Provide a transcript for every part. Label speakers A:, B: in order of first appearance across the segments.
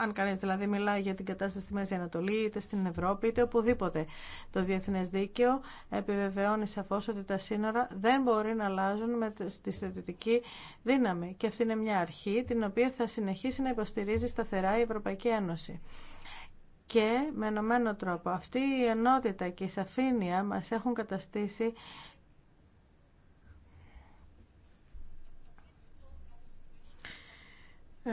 A: αν κανείς δηλαδή μιλάει για την κατάσταση στη Μέση Ανατολή, είτε στην Ευρώπη, είτε οπουδήποτε. Το Διεθνές Δίκαιο επιβεβαιώνει σαφώς ότι τα σύνορα δεν μπορεί να αλλάζουν με τη στρατιωτική δύναμη. Και αυτή είναι μια αρχή την οποία θα συνεχίσει να υποστηρίζει σταθερά η Ευρωπαϊκή Ένωση. Και με ενωμένο τρόπο αυτή η ενότητα και η σαφήνεια μας έχουν καταστήσει Ε,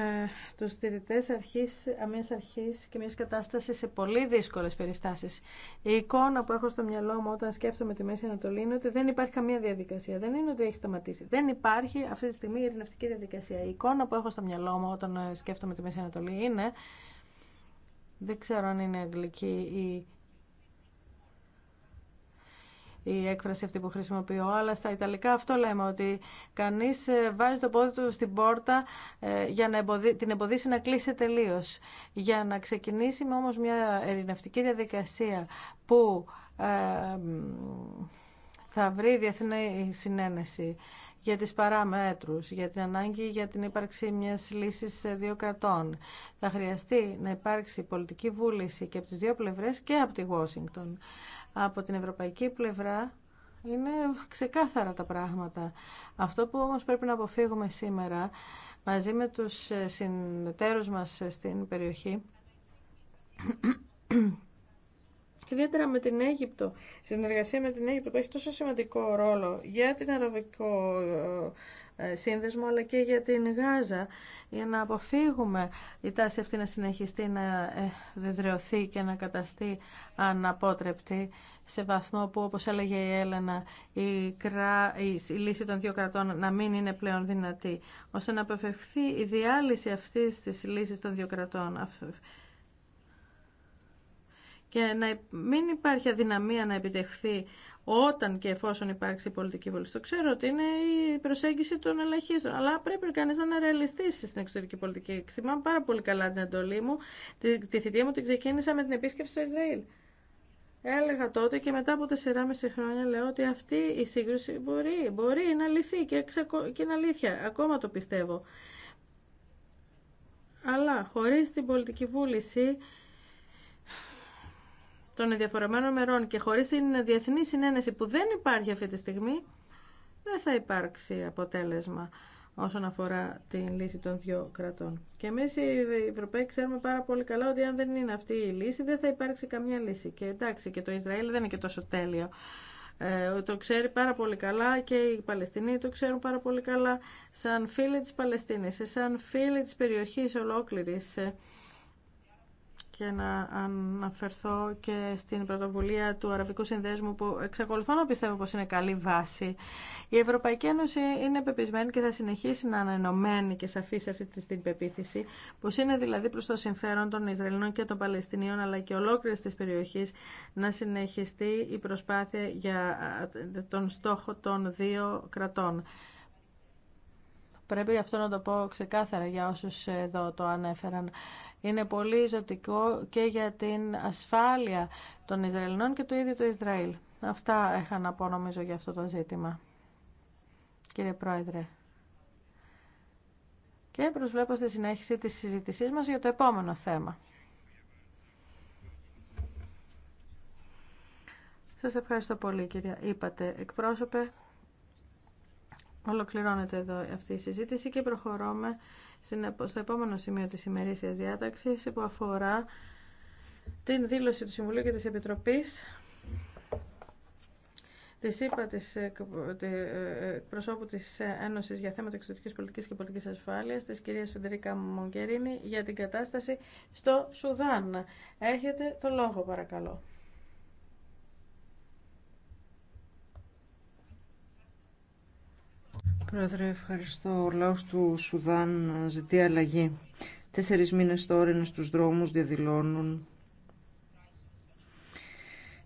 A: τους στηρητές αρχής, μιας αρχής και μιας κατάστασης σε πολύ δύσκολες περιστάσεις. Η εικόνα που έχω στο μυαλό μου όταν σκέφτομαι τη Μέση Ανατολή είναι ότι δεν υπάρχει καμία διαδικασία. Δεν είναι ότι έχει σταματήσει. Δεν υπάρχει αυτή τη στιγμή η ειρηνευτική διαδικασία. Η εικόνα που έχω στο μυαλό μου όταν ε, σκέφτομαι τη Μέση Ανατολή είναι, δεν ξέρω αν είναι αγγλική ή η έκφραση αυτή που χρησιμοποιώ, αλλά στα Ιταλικά αυτό λέμε, ότι κανείς ε, βάζει το πόδι του στην πόρτα ε, για να την εμποδίσει να κλείσει τελείω. Για να ξεκινήσει με όμως μια ερηνευτική διαδικασία που ε, θα βρει διεθνή συνένεση για τις παράμετρους, για την ανάγκη για την ύπαρξη μιας λύσης δύο κρατών. Θα χρειαστεί να υπάρξει πολιτική βούληση και από τις δύο πλευρές και από τη Washington. Από την ευρωπαϊκή πλευρά είναι ξεκάθαρα τα πράγματα. Αυτό που όμως πρέπει να αποφύγουμε σήμερα μαζί με τους ε, συνεταίρους μας ε, στην περιοχή ιδιαίτερα με την Αίγυπτο, συνεργασία με την Αίγυπτο που έχει τόσο σημαντικό ρόλο για την αραβικό ε, ε, σύνδεσμο αλλά και για την Γάζα για να αποφύγουμε η τάση αυτή να συνεχιστεί να δεδρεωθεί και να καταστεί αναπότρεπτη σε βαθμό που όπως έλεγε η Έλενα η, η λύση των δύο κρατών να μην είναι πλέον δυνατή ώστε να αποφευχθεί η διάλυση αυτής της λύσης των δύο κρατών και να μην υπάρχει αδυναμία να επιτευχθεί όταν και εφόσον υπάρξει η πολιτική βούληση. Το ξέρω ότι είναι η προσέγγιση των ελαχίστων, αλλά πρέπει κανεί να είναι στην εξωτερική πολιτική. Ξημάμαι πάρα πολύ καλά την εντολή μου. Τη, τη θητεία μου την ξεκίνησα με την επίσκεψη στο Ισραήλ. Έλεγα τότε και μετά από 4,5 χρόνια λέω ότι αυτή η σύγκρουση μπορεί, μπορεί να λυθεί και, ξεκο... και είναι αλήθεια. Ακόμα το πιστεύω. Αλλά χωρίς την πολιτική βούληση των ενδιαφορεμένων μερών και χωρίς την διεθνή συνένεση που δεν υπάρχει αυτή τη στιγμή, δεν θα υπάρξει αποτέλεσμα όσον αφορά την λύση των δύο κρατών. Και εμεί οι Ευρωπαίοι ξέρουμε πάρα πολύ καλά ότι αν δεν είναι αυτή η λύση, δεν θα υπάρξει καμιά λύση. Και εντάξει, και το Ισραήλ δεν είναι και τόσο τέλειο. Ε, το ξέρει πάρα πολύ καλά και οι Παλαιστινοί το ξέρουν πάρα πολύ καλά σαν φίλοι της Παλαιστίνης, σαν φίλοι της περιοχής ολόκληρης. Ε, και να αναφερθώ και στην πρωτοβουλία του Αραβικού Συνδέσμου που εξακολουθώ να πιστεύω πως είναι καλή βάση. Η Ευρωπαϊκή Ένωση είναι πεπισμένη και θα συνεχίσει να είναι και σαφή σε αυτή την πεποίθηση πως είναι δηλαδή προς το συμφέρον των Ισραηλινών και των Παλαιστινίων αλλά και ολόκληρη της περιοχής να συνεχιστεί η προσπάθεια για τον στόχο των δύο κρατών. Πρέπει αυτό να το πω ξεκάθαρα για όσους εδώ το ανέφεραν είναι πολύ ζωτικό και για την ασφάλεια των Ισραηλινών και του ίδιου του Ισραήλ. Αυτά είχα να πω νομίζω για αυτό το ζήτημα, κύριε Πρόεδρε. Και προσβλέπω στη συνέχιση της συζήτησής μας για το επόμενο θέμα. Σας ευχαριστώ πολύ κύριε. Είπατε εκπρόσωπε. Ολοκληρώνεται εδώ αυτή η συζήτηση και προχωρούμε στο επόμενο σημείο της ημερήσιας διάταξης που αφορά την δήλωση του Συμβουλίου και της Επιτροπής ε, τη είπα τη προσώπου τη ε, Ένωση για θέματα εξωτερική πολιτική και πολιτική ασφάλεια, τη κυρία Φεντρίκα Μογκερίνη, για την κατάσταση στο Σουδάν. Έχετε το λόγο, παρακαλώ.
B: Πρόεδρε, ευχαριστώ. Ο λαό του Σουδάν ζητεί αλλαγή. Τέσσερις μήνες τώρα είναι στους δρόμους, διαδηλώνουν.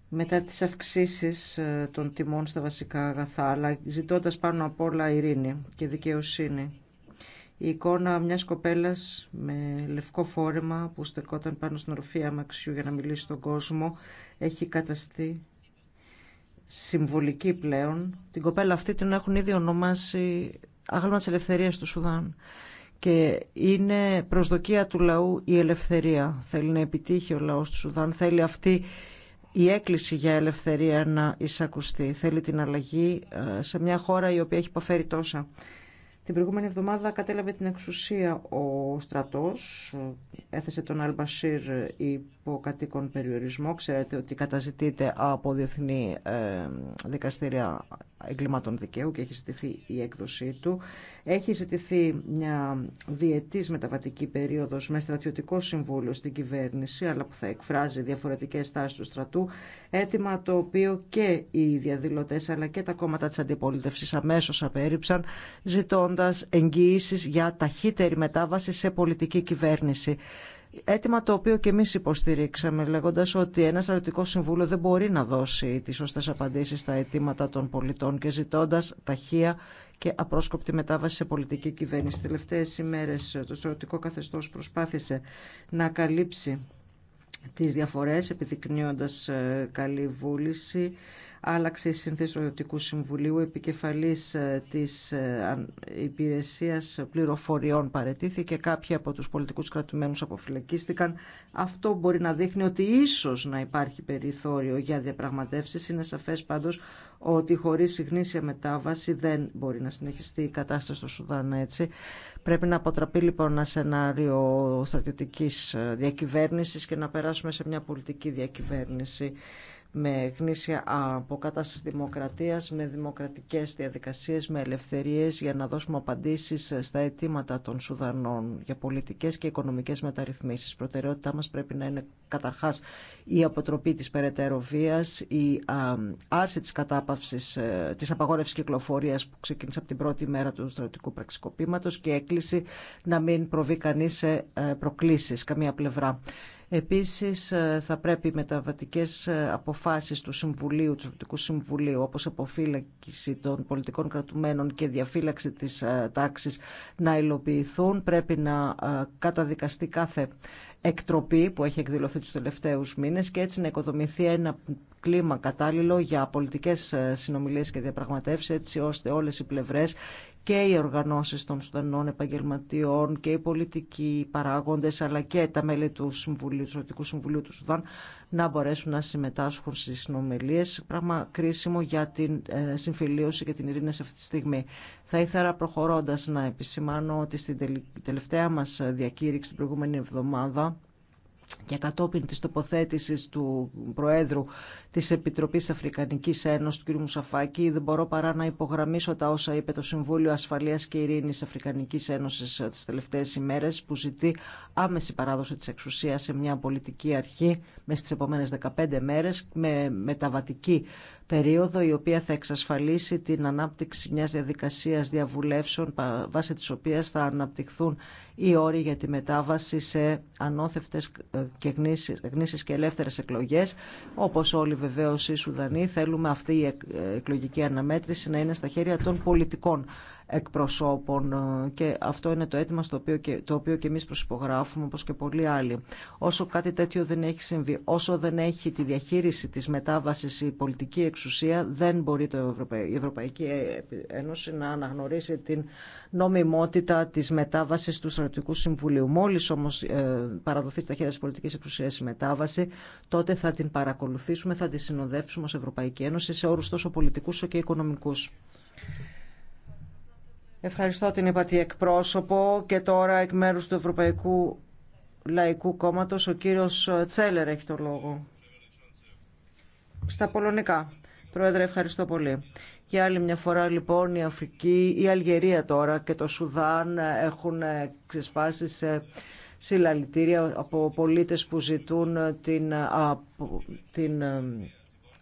B: Μετά τις αυξήσεις ε, των τιμών στα βασικά αγαθά, αλλά ζητώντα πάνω απ' όλα ειρήνη και δικαιοσύνη. Η εικόνα μιας κοπέλας με λευκό φόρεμα που στεκόταν πάνω στην οροφή αμαξιού για να μιλήσει στον κόσμο έχει καταστεί συμβολική πλέον. Την κοπέλα αυτή την έχουν ήδη ονομάσει άγαλμα της ελευθερίας του Σουδάν. Και είναι προσδοκία του λαού η ελευθερία. Θέλει να επιτύχει ο λαός του Σουδάν. Θέλει αυτή η έκκληση για ελευθερία να εισακουστεί. Θέλει την αλλαγή ε, σε μια χώρα η οποία έχει υποφέρει τόσα. Την προηγούμενη εβδομάδα κατέλαβε την εξουσία ο στρατός, έθεσε τον Αλμπασίρ υπό κατοίκον περιορισμό. Ξέρετε ότι καταζητείται από διεθνή ε, δικαστήρια εγκλημάτων δικαίου και έχει στηθεί η έκδοσή του. Έχει ζητηθεί μια διετής μεταβατική περίοδος με στρατιωτικό συμβούλιο στην κυβέρνηση, αλλά που θα εκφράζει διαφορετικές τάσεις του στρατού, έτοιμα το οποίο και οι διαδηλωτέ, αλλά και τα κόμματα της αντιπολίτευσης αμέσως απέρριψαν, ζητώντας εγγυήσεις για ταχύτερη μετάβαση σε πολιτική κυβέρνηση. Έτοιμα το οποίο και εμείς υποστηρίξαμε λέγοντας ότι ένα στρατιωτικό συμβούλιο δεν μπορεί να δώσει τις σωστές απαντήσεις στα αιτήματα των πολιτών και ζητώντας ταχεία και απρόσκοπτη μετάβαση σε πολιτική κυβέρνηση. Τις τελευταίες ημέρες ε, το στρατιωτικό καθεστώς προσπάθησε να καλύψει τις διαφορές επιδεικνύοντας ε, καλή βούληση άλλαξε η συνθέση Ιωτικού Συμβουλίου, επικεφαλής ε, της ε, υπηρεσίας πληροφοριών παρετήθηκε, κάποιοι από τους πολιτικούς κρατουμένους αποφυλακίστηκαν. Αυτό μπορεί να δείχνει ότι ίσως να υπάρχει περιθώριο για διαπραγματεύσεις. Είναι σαφές πάντως ότι χωρίς γνήσια μετάβαση δεν μπορεί να συνεχιστεί η κατάσταση στο Σουδάν έτσι. Πρέπει να αποτραπεί λοιπόν ένα σενάριο στρατιωτικής ε, διακυβέρνησης και να περάσουμε σε μια πολιτική διακυβέρνηση με γνήσια αποκάταση δημοκρατίας, με δημοκρατικές διαδικασίες, με ελευθερίες για να δώσουμε απαντήσεις στα αιτήματα των Σουδανών για πολιτικές και οικονομικές μεταρρυθμίσεις. Προτεραιότητά μας πρέπει να είναι καταρχάς η αποτροπή της περαιτέρω βίας, η άρση της κατάπαυσης, ε, της απαγόρευσης κυκλοφορίας που ξεκίνησε από την πρώτη μέρα του στρατιωτικού πραξικοπήματος και έκκληση να μην προβεί κανείς σε ε, προκλήσεις, καμία πλευρά. Επίσης ε, θα πρέπει οι μεταβατικές ε, αποφάσεις του Συμβουλίου, του πολιτικού Συμβουλίου, όπως αποφύλαξη των πολιτικών κρατουμένων και διαφύλαξη της ε, τάξης να υλοποιηθούν, πρέπει να καταδικαστεί κάθε εκτροπή που έχει εκδηλωθεί τους τελευταίους μήνες και έτσι να οικοδομηθεί ένα κλίμα κατάλληλο για πολιτικές συνομιλίες και διαπραγματεύσεις έτσι ώστε όλες οι πλευρές και οι οργανώσεις των Σουδανών επαγγελματιών και οι πολιτικοί παράγοντες αλλά και τα μέλη του Συμβουλίου, του Συμβουλίου του Σουδάν να μπορέσουν να συμμετάσχουν στις συνομιλίες. Πράγμα κρίσιμο για την ε, συμφιλίωση και την ειρήνη σε αυτή τη στιγμή. Θα ήθελα προχωρώντας να επισημάνω ότι στην τελευταία μας διακήρυξη την προηγούμενη εβδομάδα για κατόπιν της τοποθέτησης του Προέδρου της Επιτροπής Αφρικανικής Ένωσης, του κ. Μουσαφάκη, δεν μπορώ παρά να υπογραμμίσω τα όσα είπε το Συμβούλιο Ασφαλείας και Ειρήνης Αφρικανικής Ένωσης ε, τις τελευταίες ημέρες, που ζητεί άμεση παράδοση της εξουσίας σε μια πολιτική αρχή μέσα στις επόμενες 15 μέρες, με μεταβατική περίοδο η οποία θα εξασφαλίσει την ανάπτυξη μιας διαδικασίας διαβουλεύσεων βάσει της οποίας θα αναπτυχθούν οι όροι για τη μετάβαση σε ανώθευτες ε, και γνήσεις και ελεύθερες εκλογές. Όπως όλοι βεβαίως οι Σουδανοί θέλουμε αυτή η εκλογική αναμέτρηση να είναι στα χέρια των πολιτικών εκπροσώπων ε, και αυτό είναι το αίτημα στο οποίο και, το οποίο και εμείς προσυπογράφουμε όπως και πολλοί άλλοι. Όσο κάτι τέτοιο δεν έχει συμβεί, όσο δεν έχει τη διαχείριση της μετάβασης η πολιτική εξουσία δεν μπορεί το η Ευρωπαϊκή Ένωση να αναγνωρίσει την νομιμότητα της μετάβασης του Στρατιωτικού Συμβουλίου. Μόλις όμως ε, παραδοθεί στα χέρια της πολιτικής εξουσίας η μετάβαση, τότε θα την παρακολουθήσουμε, θα τη συνοδεύσουμε ως Ευρωπαϊκή Ένωση σε όρους τόσο πολιτικούς όσο και οικονομικούς. Ευχαριστώ την υπατή εκπρόσωπο και τώρα εκ μέρους του Ευρωπαϊκού Λαϊκού Κόμματος ο κύριος Τσέλερ έχει το λόγο. Στα πολωνικά. Πρόεδρε, ευχαριστώ πολύ. Για άλλη μια φορά λοιπόν η Αφρική, η Αλγερία τώρα και το Σουδάν έχουν ξεσπάσει σε συλλαλητήρια από πολίτες που ζητούν την, την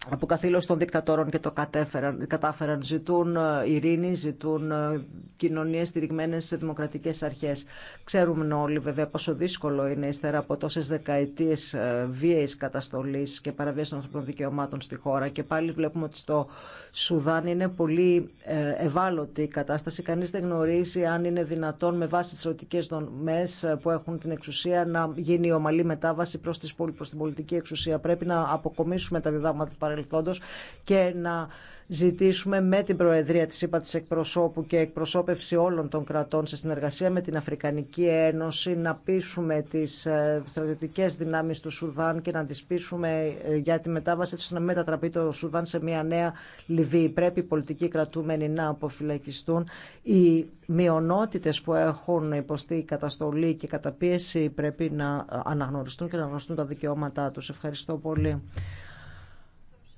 B: από καθήλωση των δικτατόρων και το κατέφεραν, κατάφεραν. Ζητούν ε, ειρήνη, ζητούν ε, κοινωνίες στηριγμένες σε δημοκρατικές αρχές. Ξέρουμε όλοι βέβαια πόσο δύσκολο είναι ύστερα από τόσες δεκαετίες ε, βίαιης καταστολής και παραβίαση των ανθρωπινών δικαιωμάτων στη χώρα και πάλι βλέπουμε ότι στο Σουδάν είναι πολύ ευάλωτη η κατάσταση. Κανείς δεν γνωρίζει αν είναι δυνατόν με βάση τις ερωτικές δομές που έχουν την εξουσία να γίνει η ομαλή μετάβαση προς, την πολιτική εξουσία. Πρέπει να αποκομίσουμε τα διδάγματα παρελθόντος και να ζητήσουμε με την Προεδρία της ΥΠΑ της εκπροσώπου και εκπροσώπευση όλων των κρατών σε συνεργασία με την Αφρικανική Ένωση να πείσουμε τις ε, στρατιωτικές δυνάμεις του Σουδάν και να τις πείσουμε ε, για τη μετάβαση τους να μετατραπεί το Σουδάν σε μια νέα Λιβύη. Πρέπει οι πολιτικοί κρατούμενοι να αποφυλακιστούν. Οι μειονότητες που έχουν υποστεί καταστολή και καταπίεση πρέπει να αναγνωριστούν και να γνωστούν τα δικαιώματά τους. Ευχαριστώ πολύ.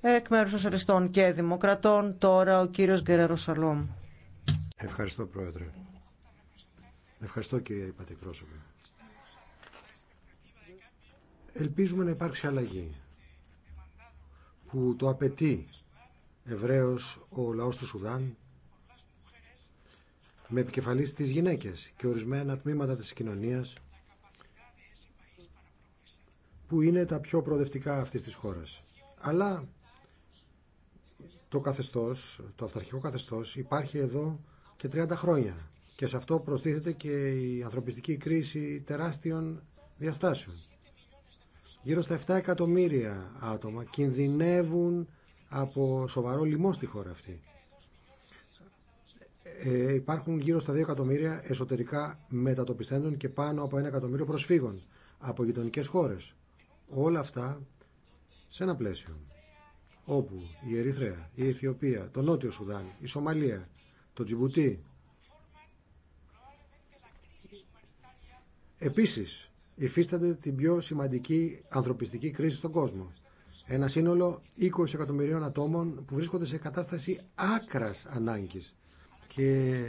B: Εκ μέρους Σοσιαλιστών και Δημοκρατών, τώρα ο κύριος Γκερέρο Σαλόμ.
C: Ευχαριστώ, Πρόεδρε. Ευχαριστώ, κυρία Υπατεκπρόσωπε. Ελπίζουμε να υπάρξει αλλαγή που το απαιτεί ευρέως ο λαός του Σουδάν με επικεφαλής τις γυναίκες και ορισμένα τμήματα της κοινωνίας που είναι τα πιο προοδευτικά αυτής της χώρας. Αλλά το καθεστώς, το αυταρχικό καθεστώς υπάρχει εδώ και 30 χρόνια και σε αυτό προστίθεται και η ανθρωπιστική κρίση τεράστιων διαστάσεων. Γύρω στα 7 εκατομμύρια άτομα κινδυνεύουν από σοβαρό λοιμό στη χώρα αυτή. Ε, υπάρχουν γύρω στα 2 εκατομμύρια εσωτερικά μετατοπιστέντων και πάνω από 1 εκατομμύριο προσφύγων από γειτονικέ χώρες. Όλα αυτά σε ένα πλαίσιο όπου η Ερυθρέα, η Αιθιοπία, το Νότιο Σουδάν, η Σομαλία, το Τζιμπουτί. Επίσης, υφίστανται την πιο σημαντική ανθρωπιστική κρίση στον κόσμο. Ένα σύνολο 20 εκατομμυρίων ατόμων που βρίσκονται σε κατάσταση άκρας ανάγκης. Και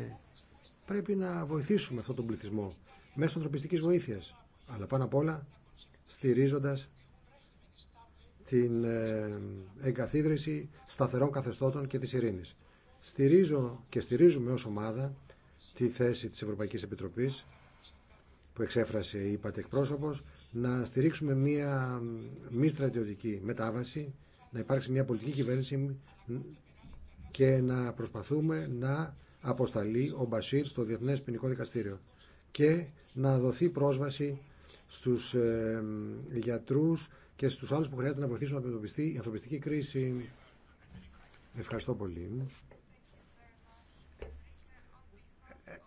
C: πρέπει να βοηθήσουμε αυτόν τον πληθυσμό μέσω ανθρωπιστικής βοήθειας. Αλλά πάνω απ' όλα στηρίζοντας την ε, εγκαθίδρυση σταθερών καθεστώτων και της ειρήνης. Στηρίζω και στηρίζουμε ως ομάδα τη θέση της Ευρωπαϊκής Επιτροπής που εξέφρασε η πρόσωπος να στηρίξουμε μία μη στρατιωτική μετάβαση, να υπάρξει μία πολιτική κυβέρνηση και να προσπαθούμε να αποσταλεί ο Μπασίρ στο Διεθνές Ποινικό Δικαστήριο και να δοθεί πρόσβαση στους ε, γιατρούς και στους άλλους που χρειάζεται να βοηθήσουν να αντιμετωπιστεί η ανθρωπιστική κρίση. Ευχαριστώ πολύ.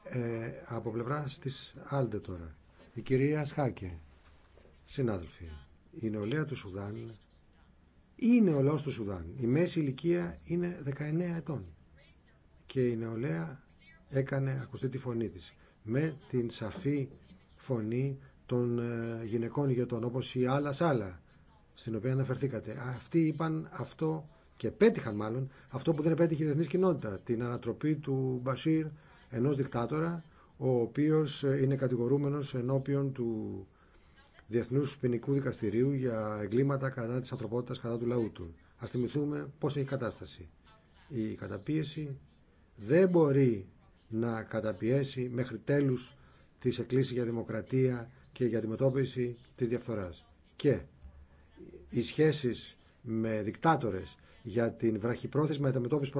C: Ε, ε από πλευρά τη Άλντε τώρα. Η κυρία Σχάκε, συνάδελφοι, η νεολαία του Σουδάν είναι ο λαός του Σουδάν. Η μέση ηλικία είναι 19 ετών και η νεολαία έκανε ακούστε τη φωνή της με την σαφή φωνή των ε, γυναικών ηγετών όπως η Άλλα Σάλα στην οποία αναφερθήκατε. Αυτοί είπαν αυτό και πέτυχαν μάλλον αυτό που δεν πέτυχε η διεθνή κοινότητα, την ανατροπή του Μπασίρ, ενό δικτάτορα, ο οποίο ε, είναι κατηγορούμενο ενώπιον του διεθνού Ποινικού Δικαστηρίου για εγκλήματα κατά τη ανθρωπότητα, κατά του λαού του. Α θυμηθούμε πώ έχει κατάσταση. Η καταπίεση δεν μπορεί να καταπιέσει μέχρι τέλους τις εκκλήσεις για δημοκρατία και για αντιμετώπιση της διαφθοράς. Και οι σχέσεις με δικτάτορες για την βραχυπρόθεσμη μεταμετώπιση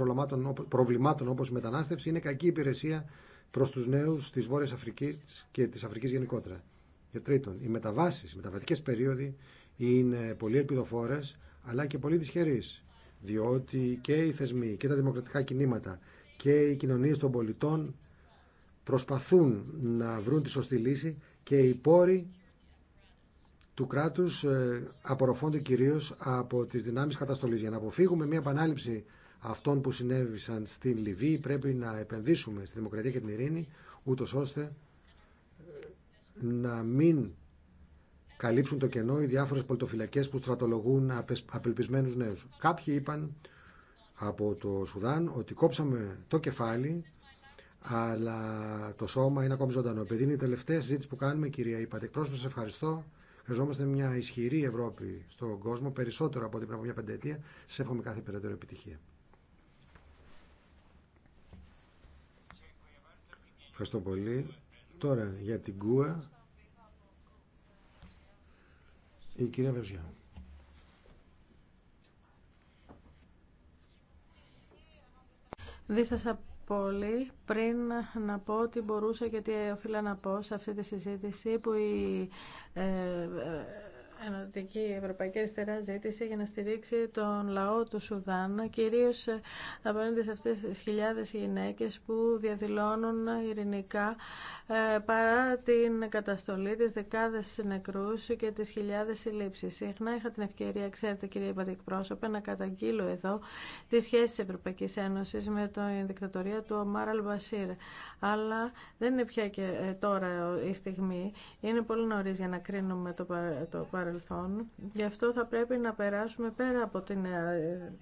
C: προβλημάτων όπως η μετανάστευση είναι κακή υπηρεσία προς τους νέους της Βόρειας Αφρικής και της Αφρικής γενικότερα. Και τρίτον, οι μεταβάσεις, οι μεταβατικές περίοδοι είναι πολύ ελπιδοφόρες αλλά και πολύ δυσχερείς διότι και οι θεσμοί και τα δημοκρατικά κινήματα και οι κοινωνίες των πολιτών προσπαθούν να βρουν τη σωστή λύση και οι πόροι του κράτους ε, απορροφώνται κυρίως από τις δυνάμεις καταστολής. Για να αποφύγουμε μια επανάληψη αυτών που συνέβησαν στην Λιβύη πρέπει να επενδύσουμε στη δημοκρατία και την ειρήνη ούτω ώστε ε, να μην καλύψουν το κενό οι διάφορες πολιτοφυλακέ που στρατολογούν απελπισμένους νέους. Κάποιοι είπαν από το Σουδάν ότι κόψαμε το κεφάλι αλλά το σώμα είναι ακόμη ζωντανό. Επειδή είναι η τελευταία συζήτηση που κάνουμε, κυρία εκπρόσωπε, σα ευχαριστώ Χρειαζόμαστε μια ισχυρή Ευρώπη στον κόσμο, περισσότερο από ό,τι πριν από μια πενταετία. Σε εύχομαι κάθε περαιτέρω επιτυχία. Ευχαριστώ πολύ. Τώρα για την κουα. η κυρία Βεζιά
A: πολύ πριν να πω ότι μπορούσα και τι οφείλα να πω σε αυτή τη συζήτηση που η ε, ε, Ενωτική Ευρωπαϊκή Αριστερά ζήτησε για να στηρίξει τον λαό του Σουδάν, Κυρίω απέναντι σε αυτές τι χιλιάδε γυναίκες που διαδηλώνουν ειρηνικά ε, παρά την καταστολή, τις δεκάδε νεκρού και τι χιλιάδε συλλήψει. Συχνά είχα την ευκαιρία, ξέρετε κύριε Πατικπρόσωπε, να καταγγείλω εδώ τις σχέσει τη Ευρωπαϊκής Ένωσης με την δικτατορία του Ομάρα Αλμπασίρ. Αλλά δεν είναι πια και ε, τώρα η στιγμή. Είναι πολύ νωρί για να κρίνουμε το παρελθόν παρελθόν. Γι' αυτό θα πρέπει να περάσουμε πέρα από την ε,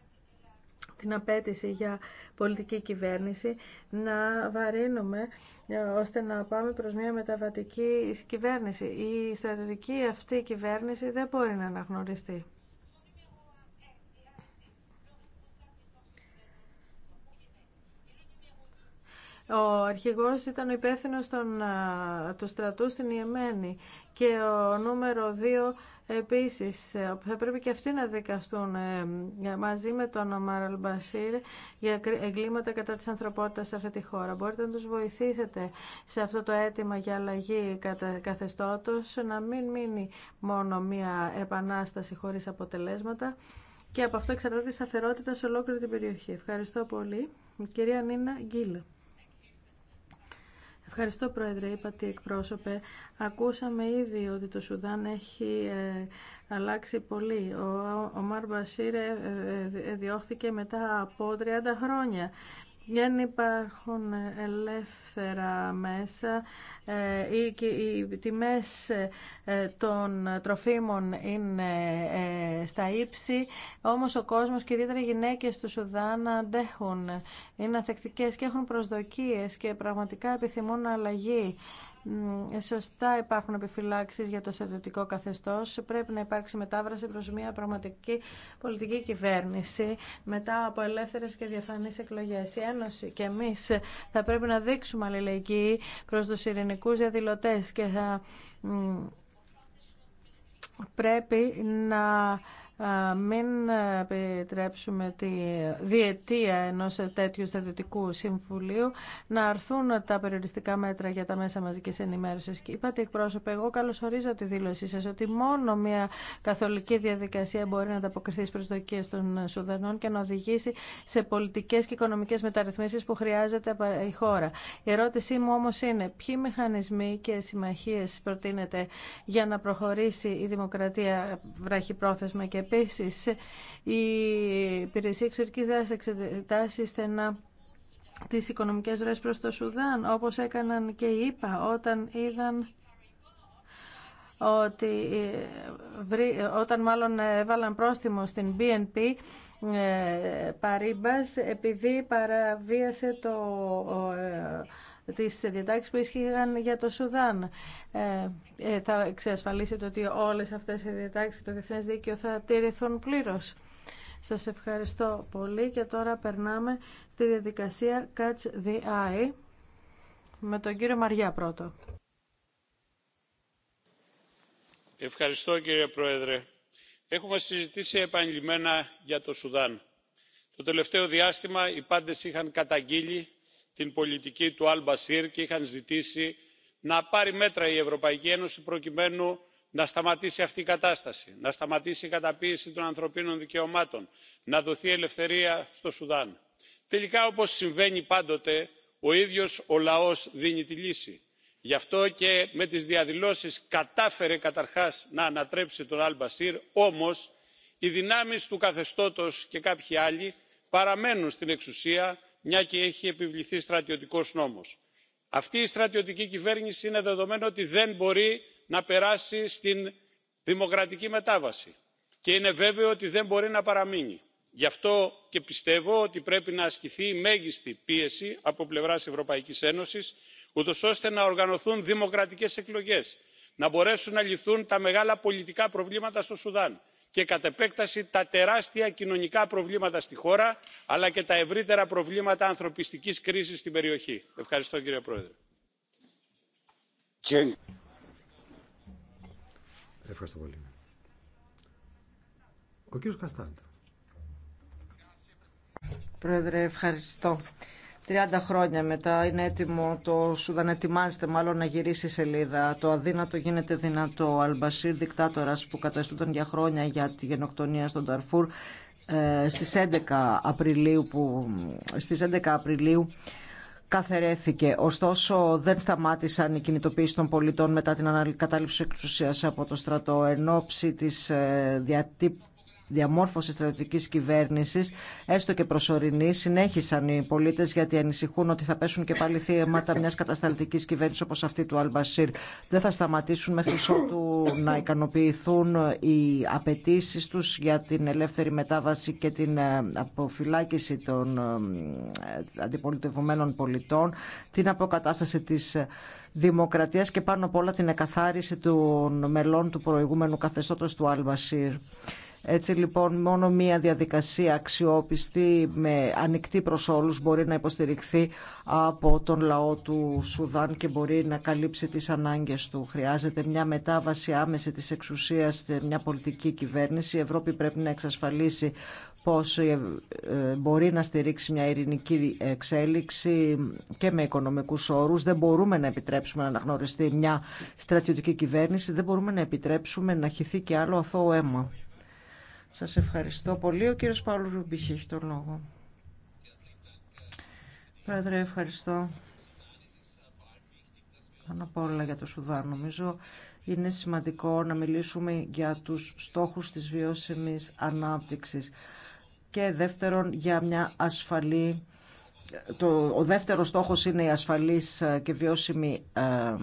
A: την απέτηση για πολιτική κυβέρνηση να βαρύνουμε ε, ώστε να πάμε προς μια μεταβατική κυβέρνηση. Η στρατηγική αυτή κυβέρνηση δεν μπορεί να αναγνωριστεί. Ο αρχηγός ήταν ο υπεύθυνο του στρατού στην Ιεμένη και ο νούμερο 2 επίσης θα πρέπει και αυτοί να δικαστούν ε, μαζί με τον Ομάρ Αλμπασίρ για εγκλήματα κατά της ανθρωπότητας σε αυτή τη χώρα. Μπορείτε να τους βοηθήσετε σε αυτό το αίτημα για αλλαγή καθεστώτος να μην μείνει μόνο μία επανάσταση χωρίς αποτελέσματα και από αυτό εξαρτάται η σταθερότητα σε ολόκληρη την περιοχή. Ευχαριστώ πολύ. κυρία Νίνα Γκίλα. Ευχαριστώ Πρόεδρε, είπατε εκπρόσωπε. Ακούσαμε ήδη ότι το Σουδάν έχει ε, αλλάξει πολύ. Ο, ο Μαρ ε, ε, ε, διώχθηκε μετά από 30 χρόνια δεν υπάρχουν ελεύθερα μέσα ε, και οι τιμές ε, των τροφίμων είναι ε, στα ύψη, όμως ο κόσμος και ιδιαίτερα οι γυναίκες του Σουδάν αντέχουν, είναι αθεκτικές και έχουν προσδοκίες και πραγματικά επιθυμούν αλλαγή. Σωστά υπάρχουν επιφυλάξεις για το στρατιωτικό καθεστώς. Πρέπει να υπάρξει μετάβραση προς μια πραγματική πολιτική κυβέρνηση μετά από ελεύθερες και διαφανείς εκλογές. Η Ένωση και εμείς θα πρέπει να δείξουμε αλληλεγγύη προς τους ειρηνικούς διαδηλωτές και θα πρέπει να μην επιτρέψουμε τη διετία ενός τέτοιου στρατιωτικού συμβουλίου να αρθούν τα περιοριστικά μέτρα για τα μέσα μαζικής ενημέρωσης. Και είπατε εκπρόσωπε, εγώ καλωσορίζω τη δήλωσή σας ότι μόνο μια καθολική διαδικασία μπορεί να ανταποκριθεί στις προσδοκίες των Σουδανών και να οδηγήσει σε πολιτικές και οικονομικές μεταρρυθμίσεις που χρειάζεται η χώρα. Η ερώτησή μου όμως είναι ποιοι μηχανισμοί και συμμαχίες προτείνεται για να προχωρήσει η δημοκρατία βραχυπρόθεσμα και Επίση, η Υπηρεσία εξωτερική δράση εξετάσει στενά τι οικονομικέ ροές προ το Σουδάν, όπως έκαναν και οι ΙΠΑ όταν είδαν ότι ε, όταν μάλλον έβαλαν πρόστιμο στην BNP ε, Παρίμπας επειδή παραβίασε το ε, τις διατάξεις που ίσχυγαν για το Σουδάν. Ε, ε, θα εξασφαλίσετε ότι όλες αυτές οι διατάξεις το Διεθνέ Δίκαιο θα τηρηθούν πλήρως. Σας ευχαριστώ πολύ και τώρα περνάμε στη διαδικασία Catch the Eye με τον κύριο Μαριά πρώτο.
D: Ευχαριστώ κύριε Πρόεδρε. Έχουμε συζητήσει επανειλημμένα για το Σουδάν. Το τελευταίο διάστημα οι πάντες είχαν καταγγείλει την πολιτική του αλ μπασίρ και είχαν ζητήσει να πάρει μέτρα η ευρωπαϊκή ένωση προκειμένου να σταματήσει αυτή η κατάσταση να σταματήσει η καταπίεση των ανθρωπίνων δικαιωμάτων να δοθεί ελευθερία στο σουδάν. τελικά όπως συμβαίνει πάντοτε ο ίδιος ο λαός δίνει τη λύση. γι' αυτό και με τις διαδηλώσεις κατάφερε καταρχάς να ανατρέψει τον αλ μπασίρ όμως οι δυνάμεις του καθεστώτος και κάποιοι άλλοι παραμένουν στην εξουσία μια και έχει επιβληθεί στρατιωτικός νόμος. αυτή η στρατιωτική κυβέρνηση είναι δεδομένο ότι δεν μπορεί να περάσει στην δημοκρατική μετάβαση και είναι βέβαιο ότι δεν μπορεί να παραμείνει. γι' αυτό και πιστεύω ότι πρέπει να ασκηθεί η μέγιστη πίεση από πλευράς ευρωπαϊκής ένωσης ούτως ώστε να οργανωθούν δημοκρατικές εκλογές να μπορέσουν να λυθούν τα μεγάλα πολιτικά προβλήματα στο σουδάν και κατ' επέκταση τα τεράστια κοινωνικά προβλήματα στη χώρα αλλά και τα ευρύτερα προβλήματα ανθρωπιστικής κρίσης στην περιοχή. ευχαριστώ κύριε πρόεδρε.
C: Ευχαριστώ πολύ. Ο κύριος
B: Πρόεδρε, ευχαριστώ. 30 χρόνια μετά είναι έτοιμο το Σουδάν, ετοιμάζεται μάλλον να γυρίσει σελίδα. Το αδύνατο γίνεται δυνατό. Ο Αλμπασίρ, δικτάτορας που καταστούνταν για χρόνια για τη γενοκτονία στον Ταρφούρ, ε, στις 11 Απριλίου, που, στις 11 Απριλίου καθερέθηκε. Ωστόσο, δεν σταμάτησαν οι κινητοποίησεις των πολιτών μετά την ανακατάληψη εξουσία από το στρατό. Εν της τη ε, διατύπωση διαμόρφωση στρατιωτική κυβέρνηση, έστω και προσωρινή, συνέχισαν οι πολίτε γιατί ανησυχούν ότι θα πέσουν και πάλι θύματα μια κατασταλτική κυβέρνηση όπω αυτή του Αλμπασίρ. Δεν θα σταματήσουν μέχρι ότου να ικανοποιηθούν οι απαιτήσει του για την ελεύθερη μετάβαση και την ε, αποφυλάκηση των ε, αντιπολιτευμένων πολιτών, την αποκατάσταση τη ε, δημοκρατία και πάνω απ' όλα την εκαθάριση των μελών του προηγούμενου καθεστώτο του Αλμπασίρ. Έτσι λοιπόν μόνο μία διαδικασία αξιόπιστη με ανοιχτή προς όλους μπορεί να υποστηριχθεί από τον λαό του Σουδάν και μπορεί να καλύψει τις ανάγκες του. Χρειάζεται μια μετάβαση άμεση της εξουσίας σε μια πολιτική κυβέρνηση. Η Ευρώπη πρέπει να εξασφαλίσει πώς ε, ε, μπορεί να στηρίξει μια ειρηνική εξέλιξη και με οικονομικούς όρους. Δεν μπορούμε να επιτρέψουμε να αναγνωριστεί μια στρατιωτική κυβέρνηση. Δεν μπορούμε να επιτρέψουμε να χυθεί και άλλο αθώο αίμα. Σας ευχαριστώ πολύ. Ο κύριος Παύλος Ρουμπίχη έχει τον λόγο. Πρόεδρε, ευχαριστώ. Πάνω απ' όλα για το Σουδάν, νομίζω είναι σημαντικό να μιλήσουμε για τους στόχους της βιώσιμης ανάπτυξης και δεύτερον για μια ασφαλή το, ο δεύτερος στόχος είναι η ασφαλής και βιώσιμη ε,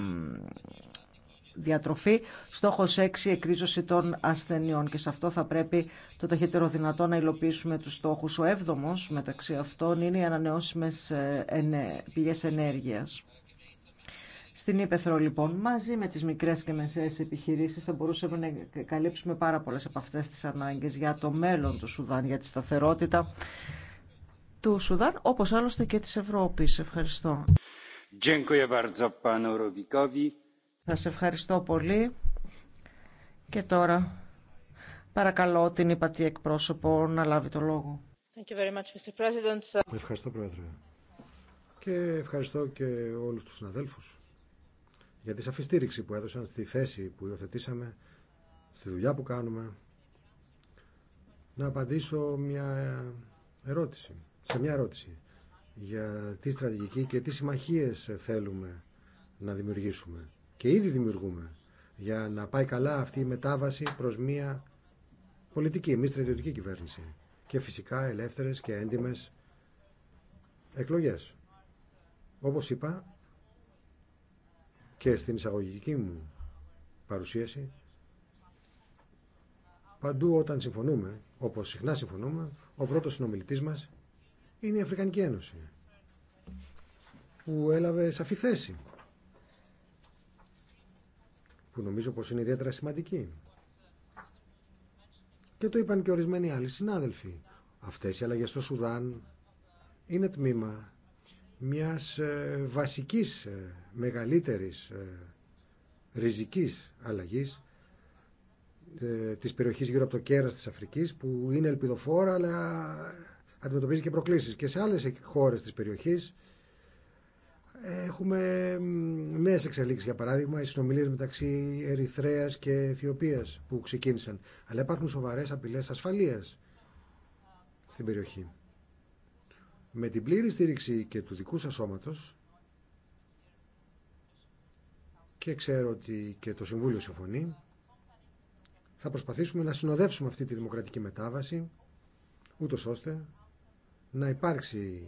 B: διατροφή. Στόχος 6, εκρίζωση των ασθενειών. Και σε αυτό θα πρέπει το ταχύτερο δυνατό να υλοποιήσουμε του στόχου. Ο έβδομο μεταξύ αυτών είναι οι ανανεώσιμε ε, πηγέ ενέργεια. Στην Ήπεθρο, λοιπόν, μαζί με τι μικρέ και μεσαίε επιχειρήσει, θα μπορούσαμε να καλύψουμε πάρα πολλέ από αυτέ τι ανάγκε για το μέλλον του Σουδάν, για τη σταθερότητα του Σουδάν, όπως άλλωστε και της Ευρώπης. Ευχαριστώ.
D: Dziękuję bardzo panu Rubikowi.
B: Θα σε ευχαριστώ πολύ. Και τώρα παρακαλώ την υπατή εκπρόσωπο να λάβει το λόγο.
A: Thank you very much, Mr. President.
C: Ευχαριστώ, Πρόεδρε. Και ευχαριστώ και όλους τους συναδέλφους για τη σαφή στήριξη που έδωσαν στη θέση που υιοθετήσαμε, στη δουλειά που κάνουμε. Να απαντήσω μια ερώτηση, σε μια ερώτηση για τι στρατηγική και τι συμμαχίες θέλουμε να δημιουργήσουμε και ήδη δημιουργούμε για να πάει καλά αυτή η μετάβαση προς μια πολιτική, μη στρατιωτική κυβέρνηση και φυσικά ελεύθερες και έντιμες εκλογές. Όπως είπα και στην εισαγωγική μου παρουσίαση, παντού όταν συμφωνούμε, όπως συχνά συμφωνούμε, ο πρώτος συνομιλητής μας είναι η Αφρικανική Ένωση, που έλαβε σαφή θέση που νομίζω πως είναι ιδιαίτερα σημαντική. Και το είπαν και ορισμένοι άλλοι συνάδελφοι. Αυτές οι αλλαγές στο Σουδάν είναι τμήμα μιας ε, βασικής, ε, μεγαλύτερης, ε, ριζικής αλλαγής της περιοχής γύρω από το κέρας της Αφρικής που είναι ελπιδοφόρα αλλά αντιμετωπίζει και προκλήσεις. Και σε άλλες χώρες της περιοχής Έχουμε νέε εξελίξει, για παράδειγμα, οι συνομιλίε μεταξύ Ερυθρέα και Αιθιοπία που ξεκίνησαν. Αλλά υπάρχουν σοβαρέ απειλέ ασφαλεία στην περιοχή. Με την πλήρη στήριξη και του δικού σα σώματο, και ξέρω ότι και το Συμβούλιο συμφωνεί θα προσπαθήσουμε να συνοδεύσουμε αυτή τη δημοκρατική μετάβαση ούτως ώστε να υπάρξει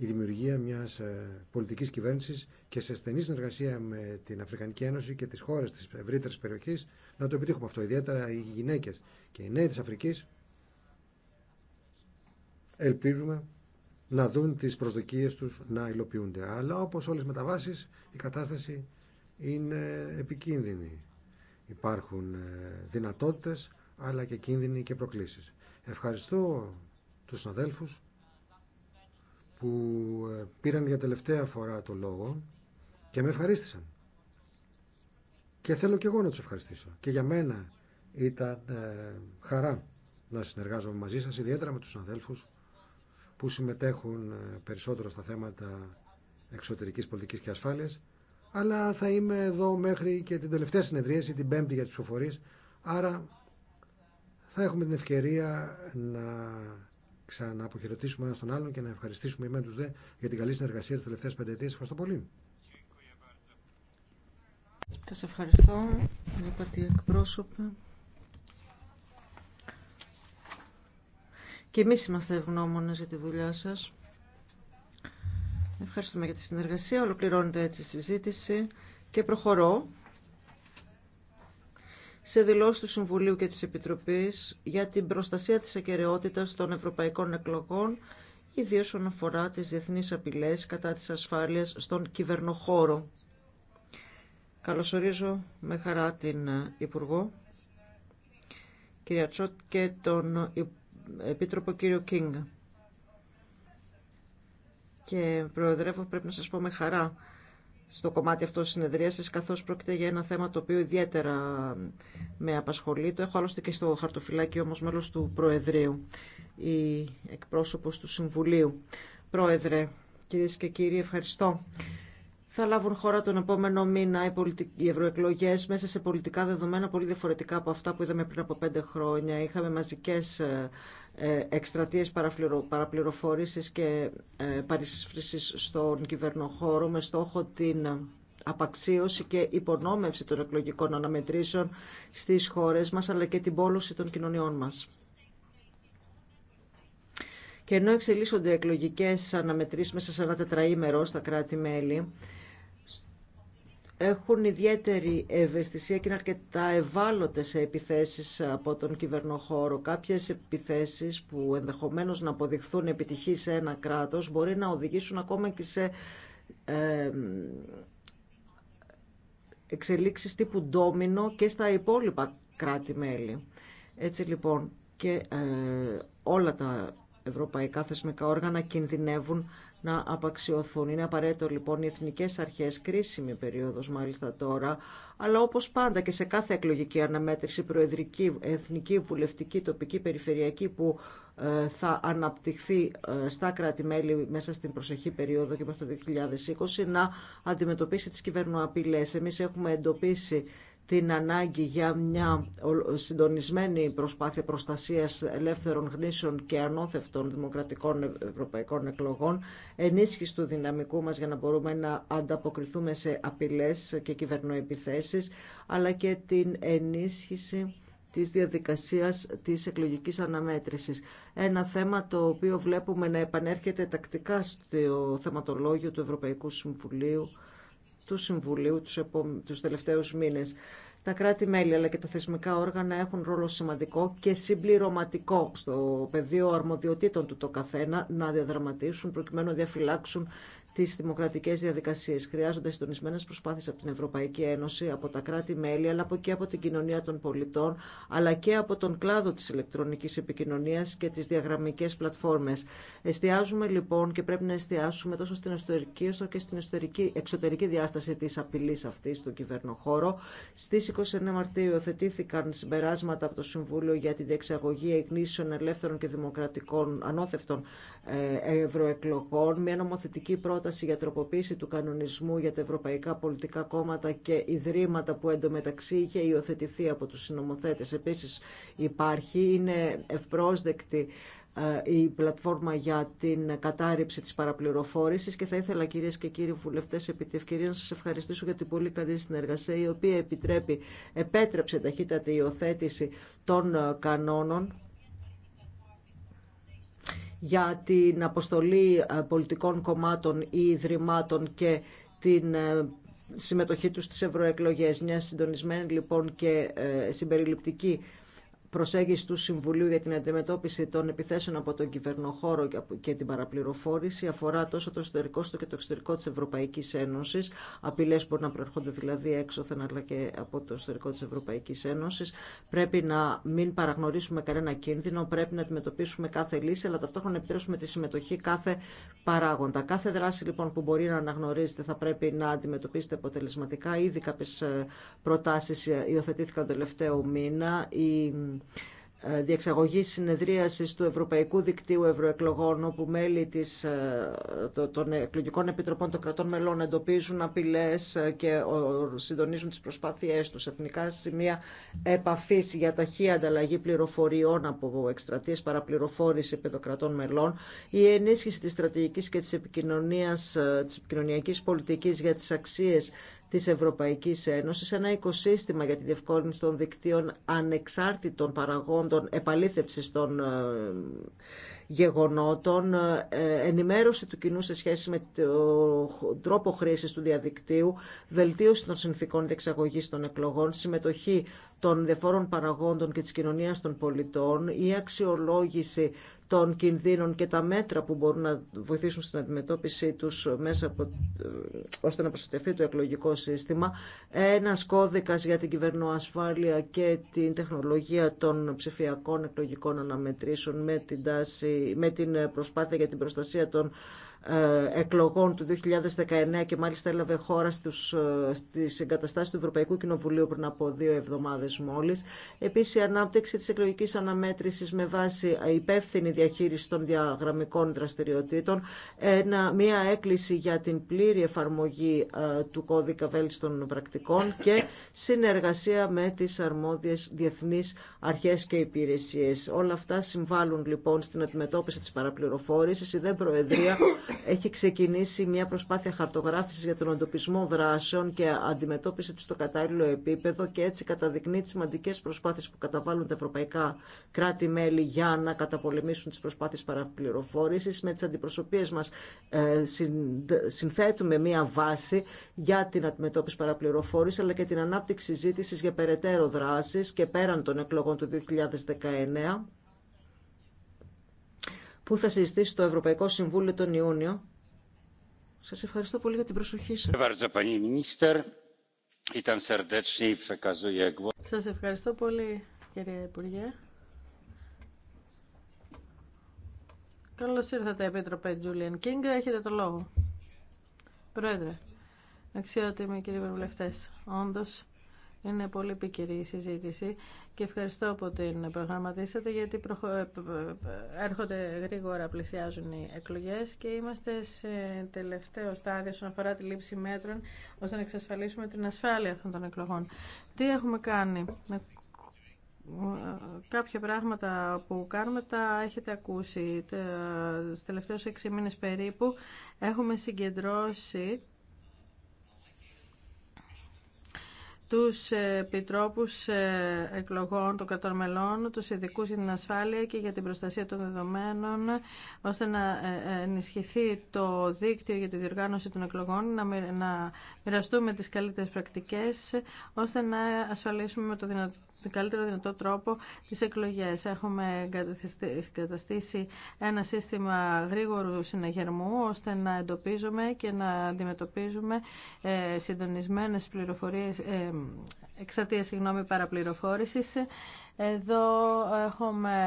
C: η δημιουργία μιας ε, πολιτικής κυβέρνησης και σε στενή συνεργασία με την Αφρικανική Ένωση και τις χώρες της ευρύτερη περιοχής να το επιτύχουμε αυτό, ιδιαίτερα οι γυναίκες και οι νέοι της Αφρικής ελπίζουμε να δουν τις προσδοκίες τους να υλοποιούνται. Αλλά όπως όλες οι μεταβάσεις η κατάσταση είναι επικίνδυνη. Υπάρχουν ε, δυνατότητες αλλά και κίνδυνοι και προκλήσεις. Ευχαριστώ τους αδέλφους που ε, πήραν για τελευταία φορά το λόγο και με ευχαρίστησαν. Και θέλω και εγώ να τους ευχαριστήσω. Και για μένα ήταν ε, χαρά να συνεργάζομαι μαζί σας, ιδιαίτερα με τους αδέλφους που συμμετέχουν ε, περισσότερο στα θέματα εξωτερικής πολιτικής και ασφάλειας, αλλά θα είμαι εδώ μέχρι και την τελευταία συνεδρίαση, την πέμπτη για τις ψηφοφορίες, άρα θα έχουμε την ευκαιρία να ξανααποχαιρετήσουμε ένα τον άλλον και να ευχαριστήσουμε οι τους δε για την καλή συνεργασία τη τελευταία πενταετία. Ευχαριστώ πολύ.
B: Σας ευχαριστώ, αγαπητοί εκπρόσωπε. Και εμείς είμαστε ευγνώμονες για τη δουλειά σας. Ευχαριστούμε για τη συνεργασία. Ολοκληρώνεται έτσι η συζήτηση και προχωρώ σε δηλώσεις του Συμβουλίου και της Επιτροπής για την προστασία της ακεραιότητας των ευρωπαϊκών εκλογών, ιδίω όσον αφορά τι διεθνεί απειλέ κατά της ασφάλειας στον κυβερνοχώρο. Καλωσορίζω με χαρά την ε, Υπουργό, κυρία Τσότ και τον ε, Επίτροπο κύριο Κίνγκ. Και Προεδρεύω πρέπει να σας πω με χαρά στο κομμάτι αυτό της συνεδρίασης, καθώς πρόκειται για ένα θέμα το οποίο ιδιαίτερα με απασχολεί. Το έχω άλλωστε και στο χαρτοφυλάκι όμως μέλος του Προεδρείου, η εκπρόσωπος του Συμβουλίου. Πρόεδρε, κυρίες και κύριοι, ευχαριστώ θα λάβουν χώρα τον επόμενο μήνα οι ευρωεκλογέ μέσα σε πολιτικά δεδομένα πολύ διαφορετικά από αυτά που είδαμε πριν από πέντε χρόνια. Είχαμε μαζικέ ε, ε, εκστρατείε παραπληροφόρηση και ε, παρισφρήσει στον κυβερνοχώρο με στόχο την απαξίωση και υπονόμευση των εκλογικών αναμετρήσεων στις χώρες μας αλλά και την πόλωση των κοινωνιών μας. Και ενώ εξελίσσονται εκλογικές αναμετρήσεις μέσα σε ένα τετραήμερο στα κράτη-μέλη, έχουν ιδιαίτερη ευαισθησία και είναι αρκετά ευάλωτε σε επιθέσεις από τον κυβερνοχώρο. Κάποιες επιθέσεις που ενδεχομένως να αποδειχθούν επιτυχή σε ένα κράτος μπορεί να οδηγήσουν ακόμα και σε εξελίξεις τύπου ντόμινο και στα υπόλοιπα κράτη-μέλη. Έτσι λοιπόν και ε, όλα τα ευρωπαϊκά θεσμικά όργανα κινδυνεύουν να απαξιωθούν. Είναι απαραίτητο λοιπόν οι εθνικές αρχές, κρίσιμη περίοδος μάλιστα τώρα, αλλά όπως πάντα και σε κάθε εκλογική αναμέτρηση, προεδρική, εθνική, βουλευτική, τοπική, περιφερειακή που ε, θα αναπτυχθεί ε, στα κράτη-μέλη μέσα στην προσεχή περίοδο και μέχρι το 2020 να αντιμετωπίσει τις κυβερνοαπειλές. Εμείς έχουμε εντοπίσει την ανάγκη για μια συντονισμένη προσπάθεια προστασίας ελεύθερων γνήσεων και ανώθευτων δημοκρατικών ευρωπαϊκών εκλογών, ενίσχυση του δυναμικού μας για να μπορούμε να ανταποκριθούμε σε απειλές και κυβερνοεπιθέσεις, αλλά και την ενίσχυση της διαδικασίας της εκλογικής αναμέτρησης. Ένα θέμα το οποίο βλέπουμε να επανέρχεται τακτικά στο θεματολόγιο του Ευρωπαϊκού Συμβουλίου του Συμβουλίου τους, επο... τους τελευταίους μήνες. Τα κράτη-μέλη αλλά και τα θεσμικά όργανα έχουν ρόλο σημαντικό και συμπληρωματικό στο πεδίο αρμοδιοτήτων του το καθένα να διαδραματίσουν προκειμένου να διαφυλάξουν τι δημοκρατικέ διαδικασίε. Χρειάζονται συντονισμένε προσπάθειε από την Ευρωπαϊκή Ένωση, από τα κράτη-μέλη, αλλά και από την κοινωνία των πολιτών, αλλά και από τον κλάδο τη ηλεκτρονική επικοινωνία και τι διαγραμμικέ πλατφόρμε. Εστιάζουμε λοιπόν και πρέπει να εστιάσουμε τόσο στην εσωτερική όσο και στην εσωτερική, εξωτερική διάσταση τη απειλή αυτή στον κυβερνοχώρο. Στι 29 Μαρτίου θετήθηκαν συμπεράσματα από το Συμβούλιο για τη διεξαγωγή εγνήσεων ελεύθερων και δημοκρατικών ανώθευτων ε, ευρωεκλογών, μια νομοθετική πρόταση πρόταση για τροποποίηση του κανονισμού για τα ευρωπαϊκά πολιτικά κόμματα και ιδρύματα που εντωμεταξύ είχε υιοθετηθεί από τους συνομοθέτες. Επίσης υπάρχει, είναι ευπρόσδεκτη ε, η πλατφόρμα για την κατάρριψη της παραπληροφόρησης και θα ήθελα κυρίες και κύριοι βουλευτές επί τη ευκαιρία να σας ευχαριστήσω για την πολύ καλή συνεργασία η οποία επιτρέπει, επέτρεψε ταχύτατη υιοθέτηση των ε, κανόνων για την αποστολή ε, πολιτικών κομμάτων ή ιδρυμάτων και την ε, συμμετοχή τους στις ευρωεκλογές. Μια συντονισμένη λοιπόν και ε, συμπεριληπτική προσέγγιση του Συμβουλίου για την αντιμετώπιση των επιθέσεων από τον κυβερνοχώρο και την παραπληροφόρηση αφορά τόσο το εσωτερικό στο και το εξωτερικό τη Ευρωπαϊκή Ένωση. Απειλέ που να προερχόνται δηλαδή έξωθεν αλλά και από το εσωτερικό τη Ευρωπαϊκή Ένωση. Πρέπει να μην παραγνωρίσουμε κανένα κίνδυνο, πρέπει να αντιμετωπίσουμε κάθε λύση, αλλά ταυτόχρονα να επιτρέψουμε τη συμμετοχή κάθε παράγοντα. Κάθε δράση λοιπόν που μπορεί να αναγνωρίζετε, θα πρέπει να αντιμετωπίσετε αποτελεσματικά. Ήδη κάποιε προτάσει ε, υιοθετήθηκαν τελευταίο μήνα. Η ε, Διεξαγωγή συνεδρίαση του Ευρωπαϊκού Δικτύου Ευρωεκλογών όπου μέλη της, ε, των εκλογικών επιτροπών των κρατών μελών εντοπίζουν απειλέ ε, και συντονίζουν τις προσπάθειές τους. Εθνικά σημεία επαφή για ταχύ ανταλλαγή πληροφοριών από εκστρατείε, παραπληροφόρηση επιδοκρατών μελών. Η ενίσχυση της στρατηγικής και τη επικοινωνίας, της επικοινωνιακής πολιτικής για τι αξίε της Ευρωπαϊκής Ένωσης, ένα οικοσύστημα για τη διευκόλυνση των δικτύων ανεξάρτητων παραγόντων επαλήθευσης των ε, γεγονότων, ε, ενημέρωση του κοινού σε σχέση με τον τρόπο χρήσης του διαδικτύου, βελτίωση των συνθήκων διεξαγωγής των εκλογών, συμμετοχή των διαφόρων παραγόντων και της κοινωνίας των πολιτών, η αξιολόγηση των κινδύνων και τα μέτρα που μπορούν να βοηθήσουν στην αντιμετώπιση τους μέσα από, ε, ώστε να προστατευτεί το εκλογικό σύστημα. Ένας κώδικας για την κυβερνοασφάλεια και την τεχνολογία των ψηφιακών εκλογικών αναμετρήσεων με την τάση με την προσπάθεια για την προστασία των ε, εκλογών του 2019 και μάλιστα έλαβε χώρα στους, ε, στις εγκαταστάσεις του Ευρωπαϊκού Κοινοβουλίου πριν από δύο εβδομάδες μόλις. Επίσης η ανάπτυξη της εκλογικής αναμέτρησης με βάση υπεύθυνη διαχείριση των διαγραμμικών δραστηριοτήτων, ένα, μια έκκληση για την πλήρη εφαρμογή ε, του κώδικα βέλτιστων πρακτικών και συνεργασία με τις αρμόδιες διεθνείς αρχές και υπηρεσίες. Όλα αυτά συμβάλλουν λοιπόν στην αντιμετώπιση της παραπληροφόρησης. Η Προεδρία έχει ξεκινήσει μια προσπάθεια χαρτογράφησης για τον εντοπισμό δράσεων και αντιμετώπιση του στο κατάλληλο επίπεδο και έτσι καταδεικνύει τις σημαντικές προσπάθειες που καταβάλουν τα ευρωπαϊκά κράτη-μέλη για να καταπολεμήσουν τις προσπάθειες παραπληροφόρησης. Με τις αντιπροσωπείες μας ε, συνθέτουμε μια βάση για την αντιμετώπιση παραπληροφόρησης αλλά και την ανάπτυξη συζήτηση για περαιτέρω δράσεις και πέραν των εκλογών του 2019 που θα συζητήσει το Ευρωπαϊκό Συμβούλιο τον Ιούνιο. Σας ευχαριστώ πολύ για την προσοχή σας.
A: Σας ευχαριστώ πολύ κύριε Υπουργέ. Καλώς ήρθατε Επίτροπε Τζούλιαν Κίνγκ. Έχετε το λόγο. Πρόεδρε, αξιότιμοι κύριοι βουλευτές, όντως είναι πολύ επίκαιρη η συζήτηση και ευχαριστώ που την προγραμματίσατε γιατί ε, έρχονται γρήγορα, πλησιάζουν οι εκλογές και είμαστε σε τελευταίο στάδιο όσον αφορά τη λήψη μέτρων ώστε να εξασφαλίσουμε την ασφάλεια αυτών των εκλογών. Τι έχουμε κάνει ε, κάποια πράγματα που κάνουμε τα έχετε ακούσει. Στους τελευταίους έξι μήνες περίπου έχουμε συγκεντρώσει τους επιτρόπους ε, εκλογών των κατορμελών, τους ειδικού για την ασφάλεια και για την προστασία των δεδομένων, ώστε να ε, ε, ενισχυθεί το δίκτυο για τη διοργάνωση των εκλογών, να μοιραστούμε τις καλύτερες πρακτικές, ώστε να ασφαλίσουμε με το δυνατό τον καλύτερο δυνατό τρόπο τις εκλογέ. Έχουμε καταστήσει ένα σύστημα γρήγορου συναγερμού ώστε να εντοπίζουμε και να αντιμετωπίζουμε συντονισμένες πληροφορίες, εξατία συγγνώμη παραπληροφόρησης εδώ έχουμε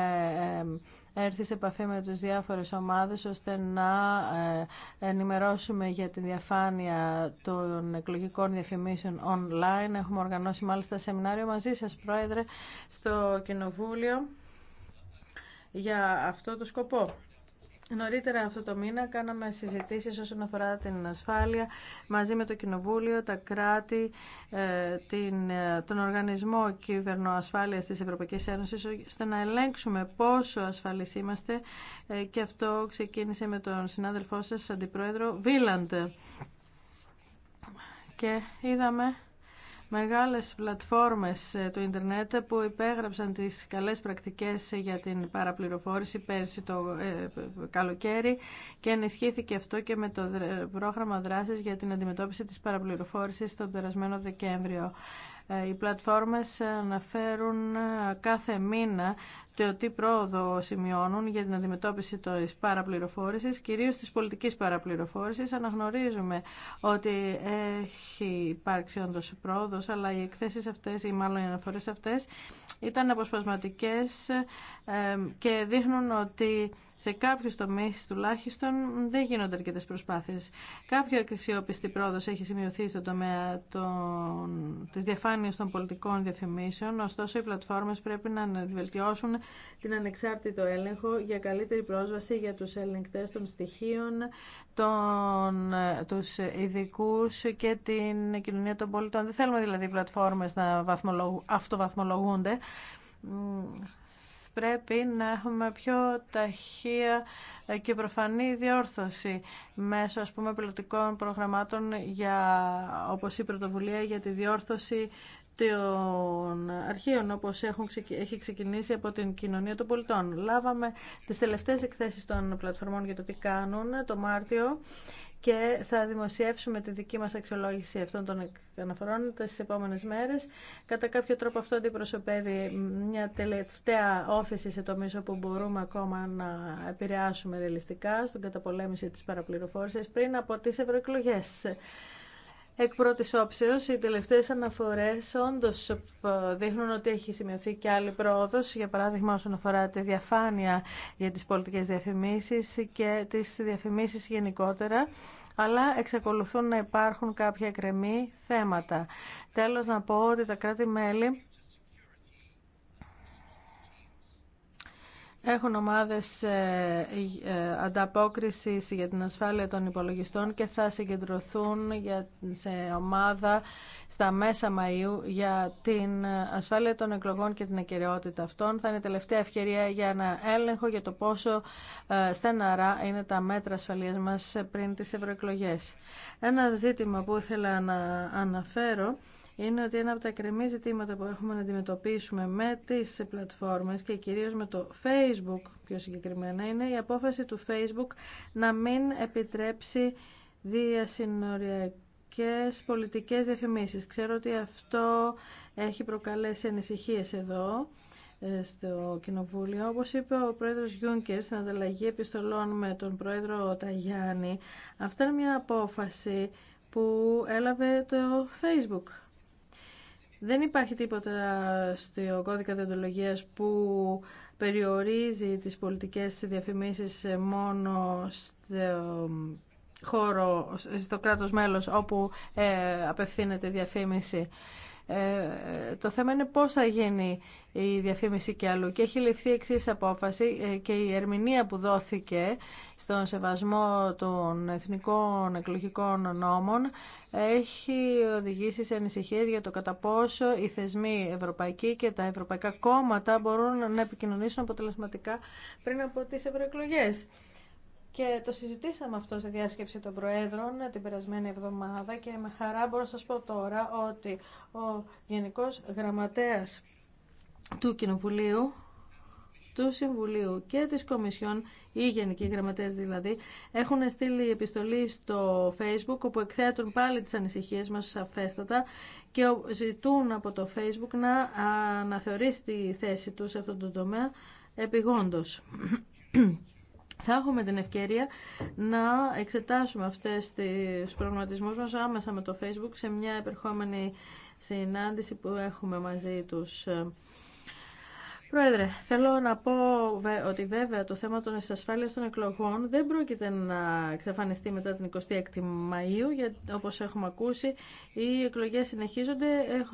A: έρθει σε επαφή με τις διάφορες ομάδες ώστε να ε, ενημερώσουμε για τη διαφάνεια των εκλογικών διαφημίσεων online. Έχουμε οργανώσει μάλιστα σεμινάριο μαζί σας, Πρόεδρε, στο Κοινοβούλιο για αυτό το σκοπό. Νωρίτερα αυτό το μήνα κάναμε συζητήσεις όσον αφορά την ασφάλεια μαζί με το Κοινοβούλιο, τα κράτη, ε, την, ε, τον Οργανισμό Κυβερνοασφάλειας της Ευρωπαϊκής Ένωσης ώστε να ελέγξουμε πόσο ασφαλείς είμαστε ε, και αυτό ξεκίνησε με τον συνάδελφό σας, Αντιπρόεδρο Βίλαντ. Και είδαμε μεγάλες πλατφόρμες ε, του ίντερνετ που υπέγραψαν τις καλές πρακτικές για την παραπληροφόρηση πέρσι το ε, καλοκαίρι και ενισχύθηκε αυτό και με το πρόγραμμα δράσης για την αντιμετώπιση της παραπληροφόρησης τον περασμένο Δεκέμβριο. Ε, οι πλατφόρμες αναφέρουν ε, κάθε μήνα το τι πρόοδο σημειώνουν για την αντιμετώπιση της παραπληροφόρησης, κυρίως της πολιτικής παραπληροφόρησης. Αναγνωρίζουμε ότι έχει υπάρξει όντως πρόοδος, αλλά οι εκθέσεις αυτές ή μάλλον οι αναφορές αυτές ήταν αποσπασματικές ε, και δείχνουν ότι σε κάποιου τομεί τουλάχιστον δεν γίνονται αρκετέ προσπάθειε. Κάποια αξιόπιστη πρόοδο έχει σημειωθεί στο τομέα των... της διαφάνειας των πολιτικών διαφημίσεων, ωστόσο οι πλατφόρμες πρέπει να βελτιώσουν την ανεξάρτητο έλεγχο για καλύτερη πρόσβαση για τους ελεγκτέ των στοιχείων, των... τους ειδικού και την κοινωνία των πολιτών. Δεν θέλουμε δηλαδή οι πλατφόρμες να αυτοβαθμολογούνται πρέπει να έχουμε πιο ταχεία και προφανή διόρθωση μέσω ας πούμε πιλωτικών προγραμμάτων για, όπως η πρωτοβουλία για τη διόρθωση των αρχείων όπως έχουν, έχει ξεκινήσει από την κοινωνία των πολιτών. Λάβαμε τις τελευταίες εκθέσεις των πλατφορμών για το τι κάνουν το Μάρτιο και θα δημοσιεύσουμε τη δική μας αξιολόγηση αυτών των αναφορών τις επόμενες μέρες. Κατά κάποιο τρόπο αυτό αντιπροσωπεύει μια τελευταία όφηση σε τομείς όπου μπορούμε ακόμα να επηρεάσουμε ρεαλιστικά στον καταπολέμηση της παραπληροφόρησης πριν από τις ευρωεκλογές. Εκ πρώτη όψεω, οι τελευταίε αναφορέ όντω ε, δείχνουν ότι έχει σημειωθεί και άλλη πρόοδο, για παράδειγμα όσον αφορά τη διαφάνεια για τι πολιτικέ διαφημίσει και τι διαφημίσει γενικότερα, αλλά εξακολουθούν να υπάρχουν κάποια εκρεμή θέματα. Τέλος, να πω ότι τα κράτη-μέλη Έχουν ομάδες ε, ε, ανταπόκρισης για την ασφάλεια των υπολογιστών και θα συγκεντρωθούν για, σε ομάδα στα μέσα Μαΐου για την ασφάλεια των εκλογών και την ακαιρεότητα αυτών. Θα είναι τελευταία ευκαιρία για ένα έλεγχο για το πόσο ε, στεναρά είναι τα μέτρα ασφαλείας μας πριν τις ευρωεκλογές. Ένα ζήτημα που ήθελα να αναφέρω είναι ότι ένα από τα κρεμή ζητήματα που έχουμε να αντιμετωπίσουμε με τις πλατφόρμες και κυρίως με το Facebook πιο συγκεκριμένα είναι η απόφαση του Facebook να μην επιτρέψει διασυνοριακές πολιτικές διαφημίσεις. Ξέρω ότι αυτό έχει προκαλέσει ανησυχίες εδώ ε, στο Κοινοβούλιο. Όπως είπε ο πρόεδρος Γιούνκερ στην ανταλλαγή επιστολών με τον πρόεδρο Ταγιάννη, αυτή είναι μια απόφαση που έλαβε το Facebook. Δεν υπάρχει τίποτα στο κώδικα διοντολογία που περιορίζει τις πολιτικές διαφημίσεις μόνο στο χώρο, στο κράτος μέλος όπου ε, απευθύνεται η διαφήμιση. Ε, το θέμα είναι πώς θα γίνει η διαφήμιση και αλλού. Και έχει ληφθεί εξή απόφαση ε, και η ερμηνεία που δόθηκε στον σεβασμό των εθνικών εκλογικών νόμων έχει οδηγήσει σε ανησυχίες για το κατά πόσο οι θεσμοί ευρωπαϊκοί και τα ευρωπαϊκά κόμματα μπορούν να επικοινωνήσουν αποτελεσματικά πριν από τις ευρωεκλογές και το συζητήσαμε αυτό στη διάσκεψη των Προέδρων την περασμένη εβδομάδα και με χαρά μπορώ να σας πω τώρα ότι ο Γενικός Γραμματέας του Κοινοβουλίου του Συμβουλίου και της Κομισιόν, οι γενικοί γραμματές δηλαδή, έχουν στείλει επιστολή στο Facebook όπου εκθέτουν πάλι τις ανησυχίες μας σαφέστατα και ζητούν από το Facebook να αναθεωρήσει τη θέση του σε αυτόν τον τομέα επιγόντως θα έχουμε την ευκαιρία να εξετάσουμε αυτές τις προγραμματισμούς μας άμεσα με το Facebook σε μια επερχόμενη συνάντηση που έχουμε μαζί τους. Πρόεδρε, θέλω να πω ότι βέβαια το θέμα των ασφάλειας των εκλογών δεν πρόκειται να εξαφανιστεί μετά την 26η Μαΐου, γιατί όπως έχουμε ακούσει οι εκλογές συνεχίζονται,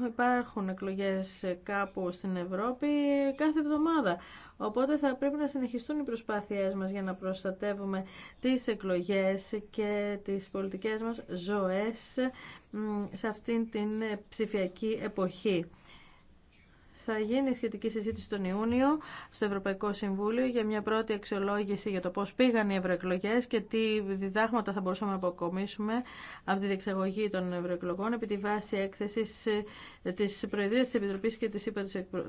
A: υπάρχουν εκλογές κάπου στην Ευρώπη κάθε εβδομάδα. Οπότε θα πρέπει να συνεχιστούν οι προσπάθειές μας για να προστατεύουμε τις εκλογές και τις πολιτικές μας ζωές σε αυτήν την ψηφιακή εποχή. Θα γίνει σχετική συζήτηση τον Ιούνιο στο Ευρωπαϊκό Συμβούλιο για μια πρώτη αξιολόγηση για το πώς πήγαν οι ευρωεκλογέ και τι διδάγματα θα μπορούσαμε να αποκομίσουμε από τη διεξαγωγή των ευρωεκλογών επί τη βάση έκθεση ε, τη Προεδρία τη Επιτροπή και της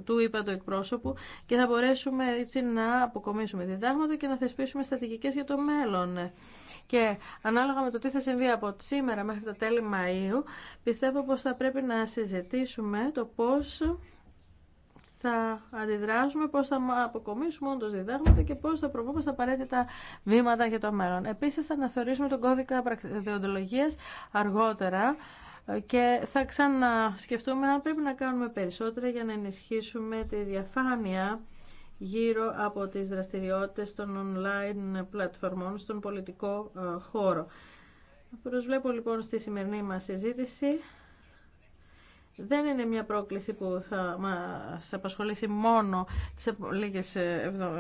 A: του ΥΠΑ του εκπρόσωπου και θα μπορέσουμε έτσι να αποκομίσουμε διδάγματα και να θεσπίσουμε στρατηγικές για το μέλλον. Και ανάλογα με το τι θα συμβεί από σήμερα μέχρι τα τέλη Μαΐου, πιστεύω πως θα πρέπει να συζητήσουμε το πώς θα αντιδράσουμε, πώς θα αποκομίσουμε όντως διδάγματα και πώς θα προβούμε στα απαραίτητα βήματα για το μέλλον. Επίσης θα αναθεωρήσουμε τον κώδικα διοντολογίας αργότερα ε, και θα ξανασκεφτούμε αν πρέπει να κάνουμε περισσότερα για να ενισχύσουμε τη διαφάνεια γύρω από τις δραστηριότητες των online πλατφορμών στον πολιτικό ε, χώρο. Προσβλέπω λοιπόν στη σημερινή μας συζήτηση δεν είναι μια πρόκληση που θα μας απασχολήσει μόνο τις λίγες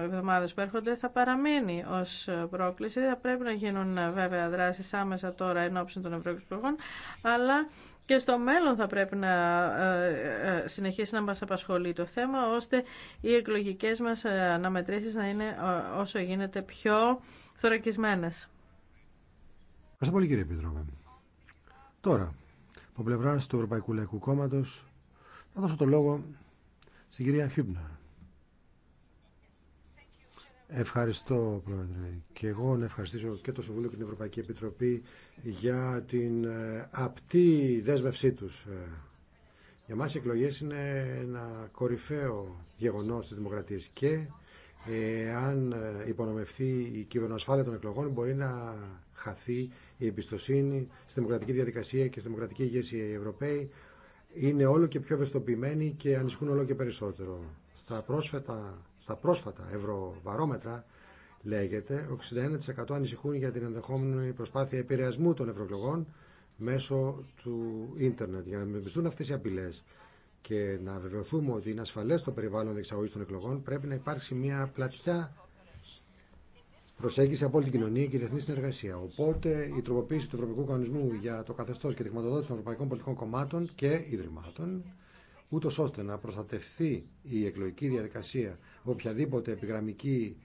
A: εβδομάδες που έρχονται, θα παραμείνει ως πρόκληση. Θα πρέπει να γίνουν ε, βέβαια δράσεις άμεσα τώρα εν ώψη των ευρωεκλογών, αλλά και στο μέλλον θα πρέπει να ε, ε, συνεχίσει να μας απασχολεί το θέμα, ώστε οι εκλογικές μας αναμετρήσεις να είναι όσο γίνεται πιο θωρακισμένες.
C: Ευχαριστώ πολύ κύριε Επιτρόπε. Τώρα, ο πλευρά του Ευρωπαϊκού Λαϊκού Κόμματο. Θα δώσω το λόγο στην κυρία Χιούμπνερ. Ευχαριστώ, Πρόεδρε. Και εγώ να ευχαριστήσω και το Συμβούλιο και την Ευρωπαϊκή Επιτροπή για την ε, απτή δέσμευσή τους. Ε, για μας οι εκλογές είναι ένα κορυφαίο γεγονός της δημοκρατίας και αν ε, υπονομευθεί η κυβερνοασφάλεια των εκλογών μπορεί να χαθεί η εμπιστοσύνη στη δημοκρατική διαδικασία και στη δημοκρατική ηγεσία. Οι Ευρωπαίοι είναι όλο και πιο ευαισθητοποιημένοι και ανισχούν όλο και περισσότερο. Στα πρόσφατα, στα πρόσφατα ευρωβαρόμετρα λέγεται 61% ανησυχούν για την ενδεχόμενη προσπάθεια επηρεασμού των ευρωεκλογών μέσω του ίντερνετ για να μην αυτές οι απειλές και να βεβαιωθούμε ότι είναι ασφαλέ το περιβάλλον διεξαγωγή των εκλογών, πρέπει να υπάρξει μια πλατιά προσέγγιση από όλη την κοινωνία και η διεθνή συνεργασία. Οπότε η τροποποίηση του Ευρωπαϊκού Κανονισμού για το καθεστώ και τη χρηματοδότηση των Ευρωπαϊκών Πολιτικών Κομμάτων και Ιδρυμάτων, ούτω ώστε να προστατευθεί η εκλογική διαδικασία από οποιαδήποτε επιγραμμική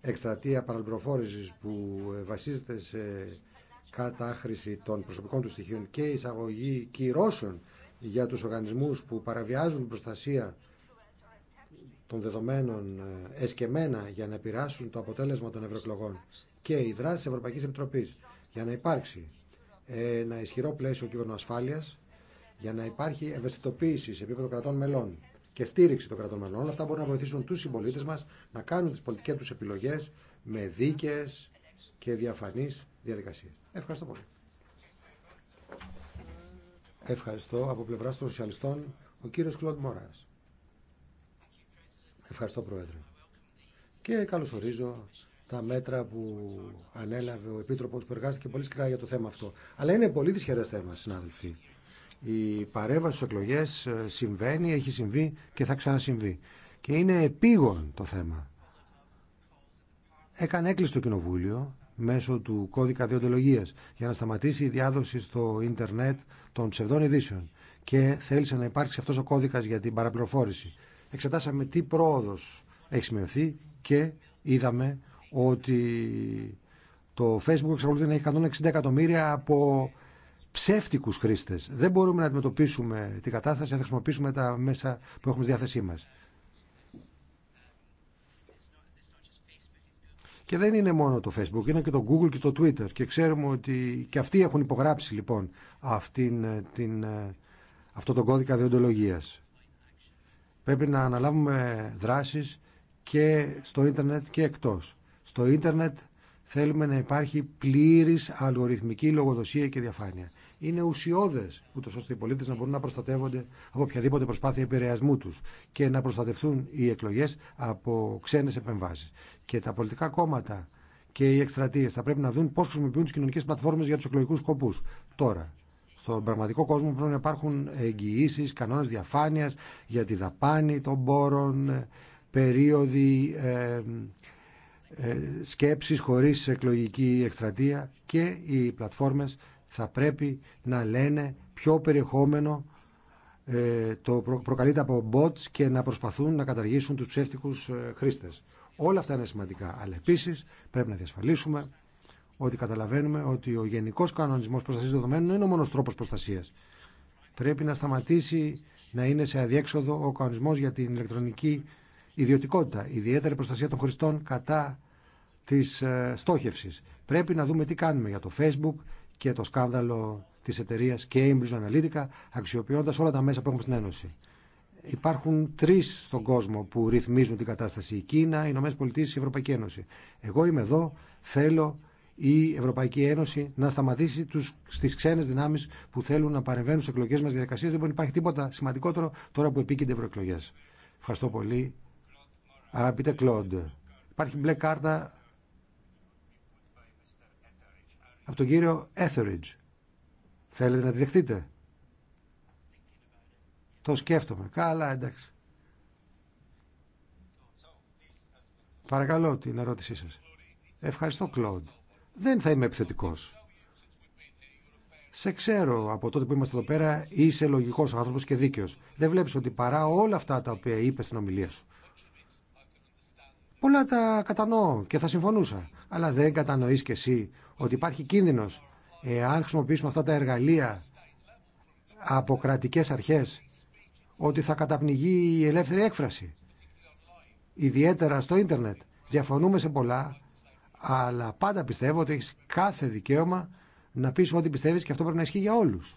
C: εκστρατεία παραλπροφόρηση που ε, βασίζεται σε κατάχρηση των προσωπικών του στοιχείων και εισαγωγή κυρώσεων για τους οργανισμούς που παραβιάζουν προστασία των δεδομένων ε, εσκεμένα για να επηρεάσουν το αποτέλεσμα των ευρωεκλογών και η δράση της Ευρωπαϊκής Επιτροπής για να υπάρξει ένα ισχυρό πλαίσιο κυβερνοασφάλειας για να υπάρχει ευαισθητοποίηση σε επίπεδο κρατών μελών και στήριξη των κρατών μελών. Όλα αυτά μπορούν να βοηθήσουν τους συμπολίτες μας να κάνουν τις πολιτικές τους επιλογές με δίκαιες και διαφανείς διαδικασίες. Ευχαριστώ πολύ. Ευχαριστώ. Από πλευράς των σοσιαλιστών, ο κύριος Κλοντ Μόρας. Ευχαριστώ, Πρόεδρε. Και καλωσορίζω τα μέτρα που ανέλαβε ο Επίτροπος που εργάστηκε πολύ σκληρά για το θέμα αυτό. Αλλά είναι πολύ δυσχερές θέμα, συνάδελφοι. Η παρέμβαση στις εκλογές ε, συμβαίνει, έχει συμβεί και θα ξανασυμβεί. Και είναι επίγον το θέμα. Έκανε έκλειστο Κοινοβούλιο μέσω του κώδικα διοντολογία για να σταματήσει η διάδοση στο ίντερνετ των ψευδών ειδήσεων και θέλησε να υπάρξει αυτό ο κώδικας για την παραπληροφόρηση. Εξετάσαμε τι πρόοδος έχει σημειωθεί και είδαμε ότι το Facebook εξακολουθεί να έχει 160 εκατομμύρια από ψεύτικους χρήστες. Δεν μπορούμε να αντιμετωπίσουμε την κατάσταση αν χρησιμοποιήσουμε τα μέσα που έχουμε στη διάθεσή μας. Και δεν είναι μόνο το Facebook, είναι και το Google και το Twitter. Και ξέρουμε ότι και αυτοί έχουν υπογράψει λοιπόν αυτήν, ε, την, ε, αυτό τον κώδικα διοντολογίας. Πρέπει να αναλάβουμε δράσεις και στο ίντερνετ και εκτός. Στο ίντερνετ θέλουμε να υπάρχει πλήρης αλγοριθμική λογοδοσία και διαφάνεια. Είναι ουσιώδες, ούτω ώστε οι πολίτε να μπορούν να προστατεύονται από οποιαδήποτε προσπάθεια επηρεασμού του και να προστατευτούν οι εκλογέ από ξένε επεμβάσει και τα πολιτικά κόμματα και οι εκστρατείε θα πρέπει να δουν πώ χρησιμοποιούν τι κοινωνικέ πλατφόρμε για του εκλογικού σκοπού. Τώρα, στον πραγματικό κόσμο πρέπει να υπάρχουν εγγυήσει, κανόνε διαφάνεια για τη δαπάνη των πόρων, περίοδοι ε, ε, σκέψη χωρί εκλογική εκστρατεία και οι πλατφόρμε θα πρέπει να λένε ποιο περιεχόμενο ε, το προκαλείται από bots και να προσπαθούν να καταργήσουν τους ψεύτικους ε, χρήστες. Όλα αυτά είναι σημαντικά. Αλλά επίση πρέπει να διασφαλίσουμε ότι καταλαβαίνουμε ότι ο γενικό κανονισμό προστασία δεδομένων είναι ο μόνο τρόπο προστασία. Πρέπει να σταματήσει να είναι σε αδιέξοδο ο κανονισμό για την ηλεκτρονική ιδιωτικότητα, ιδιαίτερη προστασία των χρηστών κατά τη ε, στόχευση. Πρέπει να δούμε τι κάνουμε για το Facebook και το σκάνδαλο τη εταιρεία Cambridge Analytica, αξιοποιώντα όλα τα μέσα που έχουμε στην Ένωση. Υπάρχουν τρει στον κόσμο που ρυθμίζουν την κατάσταση. Η Κίνα, οι Ηνωμένε Πολιτείε, η Ευρωπαϊκή Ένωση. Εγώ είμαι εδώ, θέλω η Ευρωπαϊκή Ένωση να σταματήσει στι ξένε δυνάμει που θέλουν να παρεμβαίνουν στι εκλογέ μα διαδικασίε. Δεν μπορεί να υπάρχει τίποτα σημαντικότερο τώρα που επίκεινται ευρωεκλογέ. Ευχαριστώ πολύ. Αγαπητέ Κλοντ, υπάρχει μπλε κάρτα από τον κύριο Έθεριτζ. Θέλετε να τη δεχτείτε. Το σκέφτομαι. Καλά, εντάξει. Παρακαλώ την ερώτησή σας. Ευχαριστώ, Κλόντ. Δεν θα είμαι επιθετικός. Σε ξέρω από τότε που είμαστε εδώ πέρα, είσαι λογικός άνθρωπος και δίκαιος. Δεν βλέπεις ότι παρά όλα αυτά τα οποία είπες στην ομιλία σου, πολλά τα κατανοώ και θα συμφωνούσα. Αλλά δεν κατανοείς και εσύ ότι υπάρχει κίνδυνος εάν χρησιμοποιήσουμε αυτά τα εργαλεία από κρατικές αρχές ότι θα καταπνιγεί η ελεύθερη έκφραση. Ιδιαίτερα στο ίντερνετ. Διαφωνούμε σε πολλά, αλλά πάντα πιστεύω ότι έχεις κάθε δικαίωμα να πεις ό,τι πιστεύεις και αυτό πρέπει να ισχύει για όλους.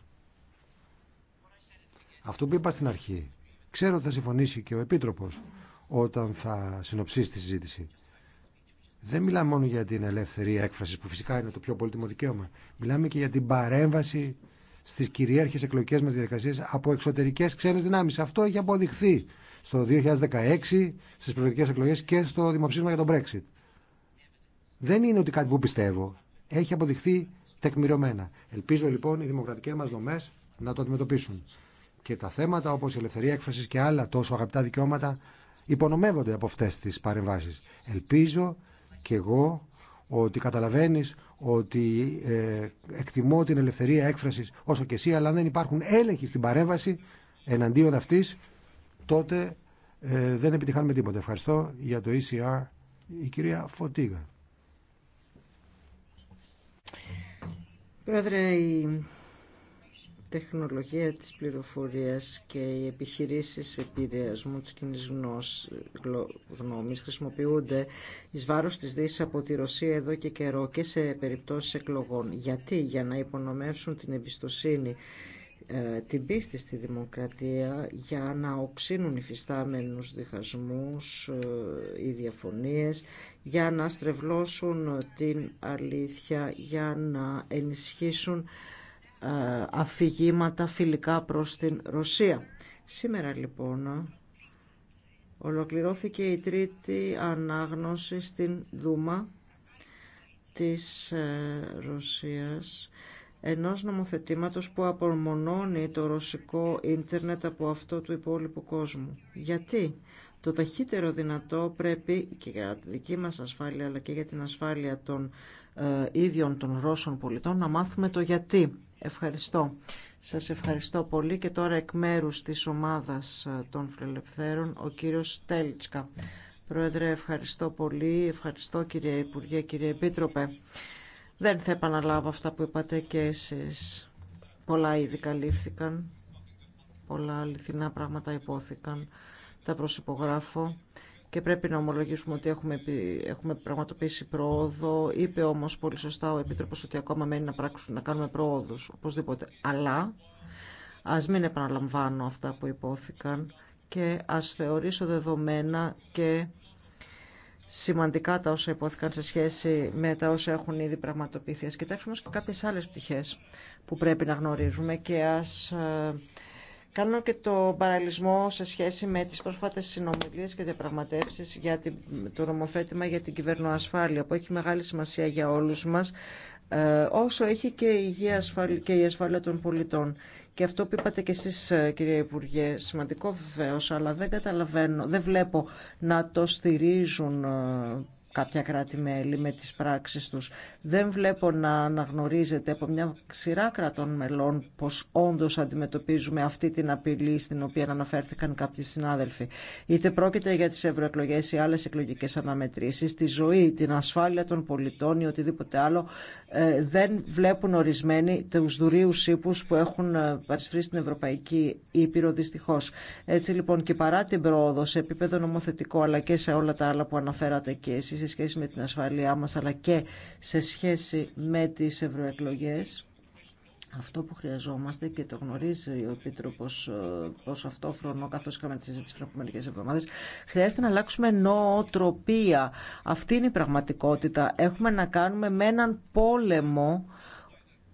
C: Αυτό που είπα στην αρχή, ξέρω ότι θα συμφωνήσει και ο Επίτροπος όταν θα συνοψίσει τη συζήτηση. Δεν μιλάμε μόνο για την ελεύθερη έκφραση, που φυσικά είναι το πιο πολύτιμο δικαίωμα. Μιλάμε και για την παρέμβαση στις κυρίαρχες εκλογικές μας διαδικασίες από εξωτερικές ξένες δυνάμεις. Αυτό έχει αποδειχθεί στο 2016, στις προεδρικές εκλογές και στο δημοψήφισμα για τον Brexit. Δεν είναι ότι κάτι που πιστεύω. Έχει αποδειχθεί τεκμηριωμένα. Ελπίζω λοιπόν οι δημοκρατικές μας δομές να το αντιμετωπίσουν. Και τα θέματα όπως η ελευθερία έκφρασης και άλλα τόσο αγαπητά δικαιώματα υπονομεύονται από αυτές τις παρεμβάσεις. Ελπίζω και εγώ ότι καταλαβαίνεις ότι ε, εκτιμώ την ελευθερία έκφρασης όσο και εσύ, αλλά αν δεν υπάρχουν έλεγχοι στην παρέμβαση εναντίον αυτής, τότε ε, δεν επιτυχάνουμε τίποτα. Ευχαριστώ για το ECR η κυρία Φωτίγα.
B: Πρόεδρε, τεχνολογία της πληροφορίας και οι επιχειρήσεις επηρεασμού της κοινή γνώμης χρησιμοποιούνται εις βάρος της Δύσης από τη Ρωσία εδώ και καιρό και σε περιπτώσεις εκλογών. Γιατί, για να υπονομεύσουν την εμπιστοσύνη ε, την πίστη στη δημοκρατία για να οξύνουν οι φυστάμενους διχασμούς, ε, οι διαφωνίες, για να στρεβλώσουν την αλήθεια, για να ενισχύσουν ε, αφηγήματα φιλικά προς την Ρωσία. Σήμερα λοιπόν ολοκληρώθηκε η τρίτη ανάγνωση στην Δούμα της ε, Ρωσίας ενός νομοθετήματος που απομονώνει το ρωσικό ίντερνετ από αυτό του υπόλοιπου κόσμου. Γιατί το ταχύτερο δυνατό πρέπει και για τη δική μας ασφάλεια αλλά και για την ασφάλεια των ε, ίδιων των Ρώσων πολιτών να μάθουμε το γιατί. Ευχαριστώ. Σας ευχαριστώ πολύ και τώρα εκ μέρους της ομάδας ε, των φιλελευθέρων ο κύριος Τέλτσκα. Πρόεδρε, ευχαριστώ πολύ. Ευχαριστώ κύριε Υπουργέ, κύριε Επίτροπε. Δεν θα επαναλάβω αυτά που είπατε και εσείς. Πολλά ήδη καλύφθηκαν, πολλά αληθινά πράγματα υπόθηκαν. Τα προσυπογράφω και πρέπει να ομολογήσουμε ότι έχουμε, έχουμε πραγματοποιήσει πρόοδο. Είπε όμως πολύ σωστά ο επίτροπο ότι ακόμα μένει να, πράξουν, να κάνουμε προόδου οπωσδήποτε. Αλλά α μην επαναλαμβάνω αυτά που υπόθηκαν και α θεωρήσω δεδομένα και σημαντικά τα όσα υπόθηκαν σε σχέση με τα όσα έχουν ήδη πραγματοποιηθεί. Ας κοιτάξουμε και κάποιες άλλες πτυχές που πρέπει να γνωρίζουμε και ας ε, Κάνω και το παραλυσμό σε σχέση με τις πρόσφατες συνομιλίες και διαπραγματεύσεις για το νομοθέτημα για την κυβερνοασφάλεια που έχει μεγάλη σημασία για όλους μας ε, όσο έχει και η, υγεία και η ασφάλεια των πολιτών. Και αυτό που είπατε και εσείς ε, κύριε Υπουργέ, σημαντικό βεβαίω, αλλά δεν καταλαβαίνω, δεν βλέπω να το στηρίζουν ε, κάποια κράτη-μέλη με τις πράξεις τους. Δεν βλέπω να αναγνωρίζεται από μια ξηρά κρατών μελών πως όντως αντιμετωπίζουμε αυτή την απειλή στην οποία αναφέρθηκαν κάποιοι συνάδελφοι. Είτε πρόκειται για τις ευρωεκλογέ ή άλλες εκλογικές αναμετρήσεις, τη ζωή, την ασφάλεια των πολιτών ή οτιδήποτε άλλο, ε, δεν βλέπουν ορισμένοι τους δουρίους ύπους που έχουν ε, παρισφρήσει την Ευρωπαϊκή Ήπειρο δυστυχώ. Έτσι λοιπόν και παρά την πρόοδο σε επίπεδο νομοθετικό αλλά και σε όλα τα άλλα που αναφέρατε και εσείς σε σχέση με την ασφάλειά μας αλλά και σε σχέση με τις ευρωεκλογές. Αυτό που χρειαζόμαστε και το γνωρίζει ο Επίτροπο ε, ω αυτό φρονώ, καθώ είχαμε τη συζήτηση πριν από μερικέ εβδομάδε, χρειάζεται να αλλάξουμε νοοτροπία. Αυτή είναι η πραγματικότητα. Έχουμε να κάνουμε με έναν πόλεμο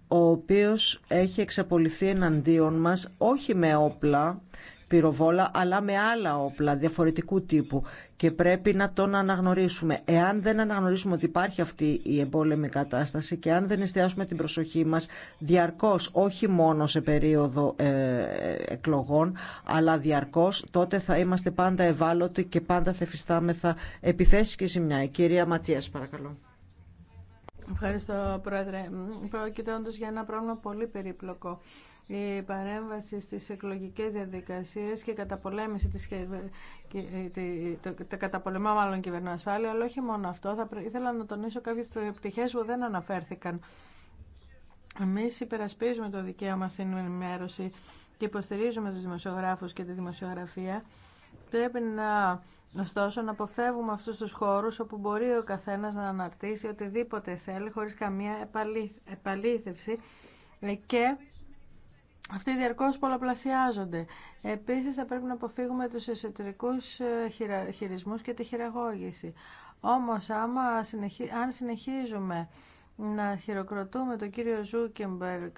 B: ο οποίος έχει εξαπολυθεί εναντίον μας όχι με όπλα πυροβόλα αλλά με άλλα όπλα διαφορετικού τύπου και πρέπει να τον αναγνωρίσουμε. Εάν δεν αναγνωρίσουμε ότι υπάρχει αυτή η εμπόλεμη κατάσταση και αν δεν εστιάσουμε την προσοχή μας διαρκώς, όχι μόνο σε περίοδο ε, εκλογών, αλλά διαρκώς, τότε θα είμαστε πάντα ευάλωτοι και πάντα θα εφιστάμεθα επιθέσεις και ζημιά. Η κυρία Ματίας, παρακαλώ.
A: Ευχαριστώ, Πρόεδρε. Πρόκειται όντως για ένα πρόβλημα πολύ περίπλοκο η παρέμβαση στις εκλογικές διαδικασίες και καταπολέμηση της, ε, τα καταπολεμά μάλλον κυβερνοασφάλεια, αλλά όχι μόνο αυτό, θα ήθελα να τονίσω κάποιες πτυχές που δεν αναφέρθηκαν. Εμείς υπερασπίζουμε το δικαίωμα στην ενημέρωση και υποστηρίζουμε τους δημοσιογράφους και τη δημοσιογραφία. Πρέπει να Ωστόσο, να αποφεύγουμε αυτούς τους χώρους όπου μπορεί ο καθένας να αναρτήσει οτιδήποτε θέλει, χωρίς καμία επαλήθευση ε, και αυτοί διαρκώς πολλαπλασιάζονται. Επίσης θα πρέπει να αποφύγουμε τους εσωτερικούς ε, χειρισμούς και τη χειραγώγηση. Όμως άμα αν συνεχίζουμε να χειροκροτούμε τον κύριο Ζούκεμπεργκ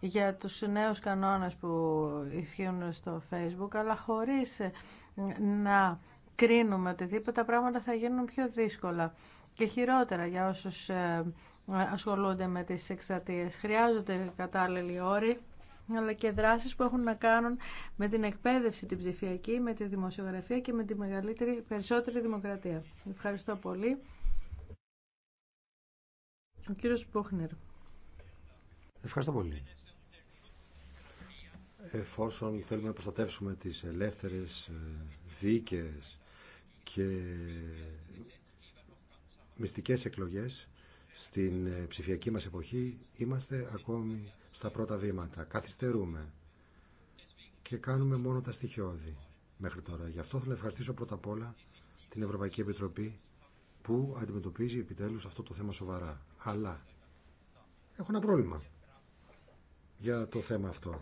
A: για τους νέους κανόνες που ισχύουν στο Facebook, αλλά χωρίς ε, να κρίνουμε οτιδήποτε, τα πράγματα θα γίνουν πιο δύσκολα και χειρότερα για όσους ε, ασχολούνται με τις εκστρατείες. Χρειάζονται κατάλληλοι όροι αλλά και δράσεις που έχουν να κάνουν με την εκπαίδευση την ψηφιακή, με τη δημοσιογραφία και με τη μεγαλύτερη, περισσότερη δημοκρατία. Ευχαριστώ πολύ. Ο κύριος Πόχνερ.
C: Ευχαριστώ πολύ. Εφόσον θέλουμε να προστατεύσουμε τις ελεύθερες ε, δίκες και μυστικές εκλογές στην ε, ψηφιακή μας εποχή, είμαστε ακόμη στα πρώτα βήματα. Καθυστερούμε και κάνουμε μόνο τα στοιχειώδη μέχρι τώρα. Γι' αυτό θέλω να ευχαριστήσω πρώτα απ' όλα την Ευρωπαϊκή Επιτροπή που αντιμετωπίζει επιτέλους αυτό το θέμα σοβαρά. Αλλά έχω ένα πρόβλημα για το θέμα αυτό.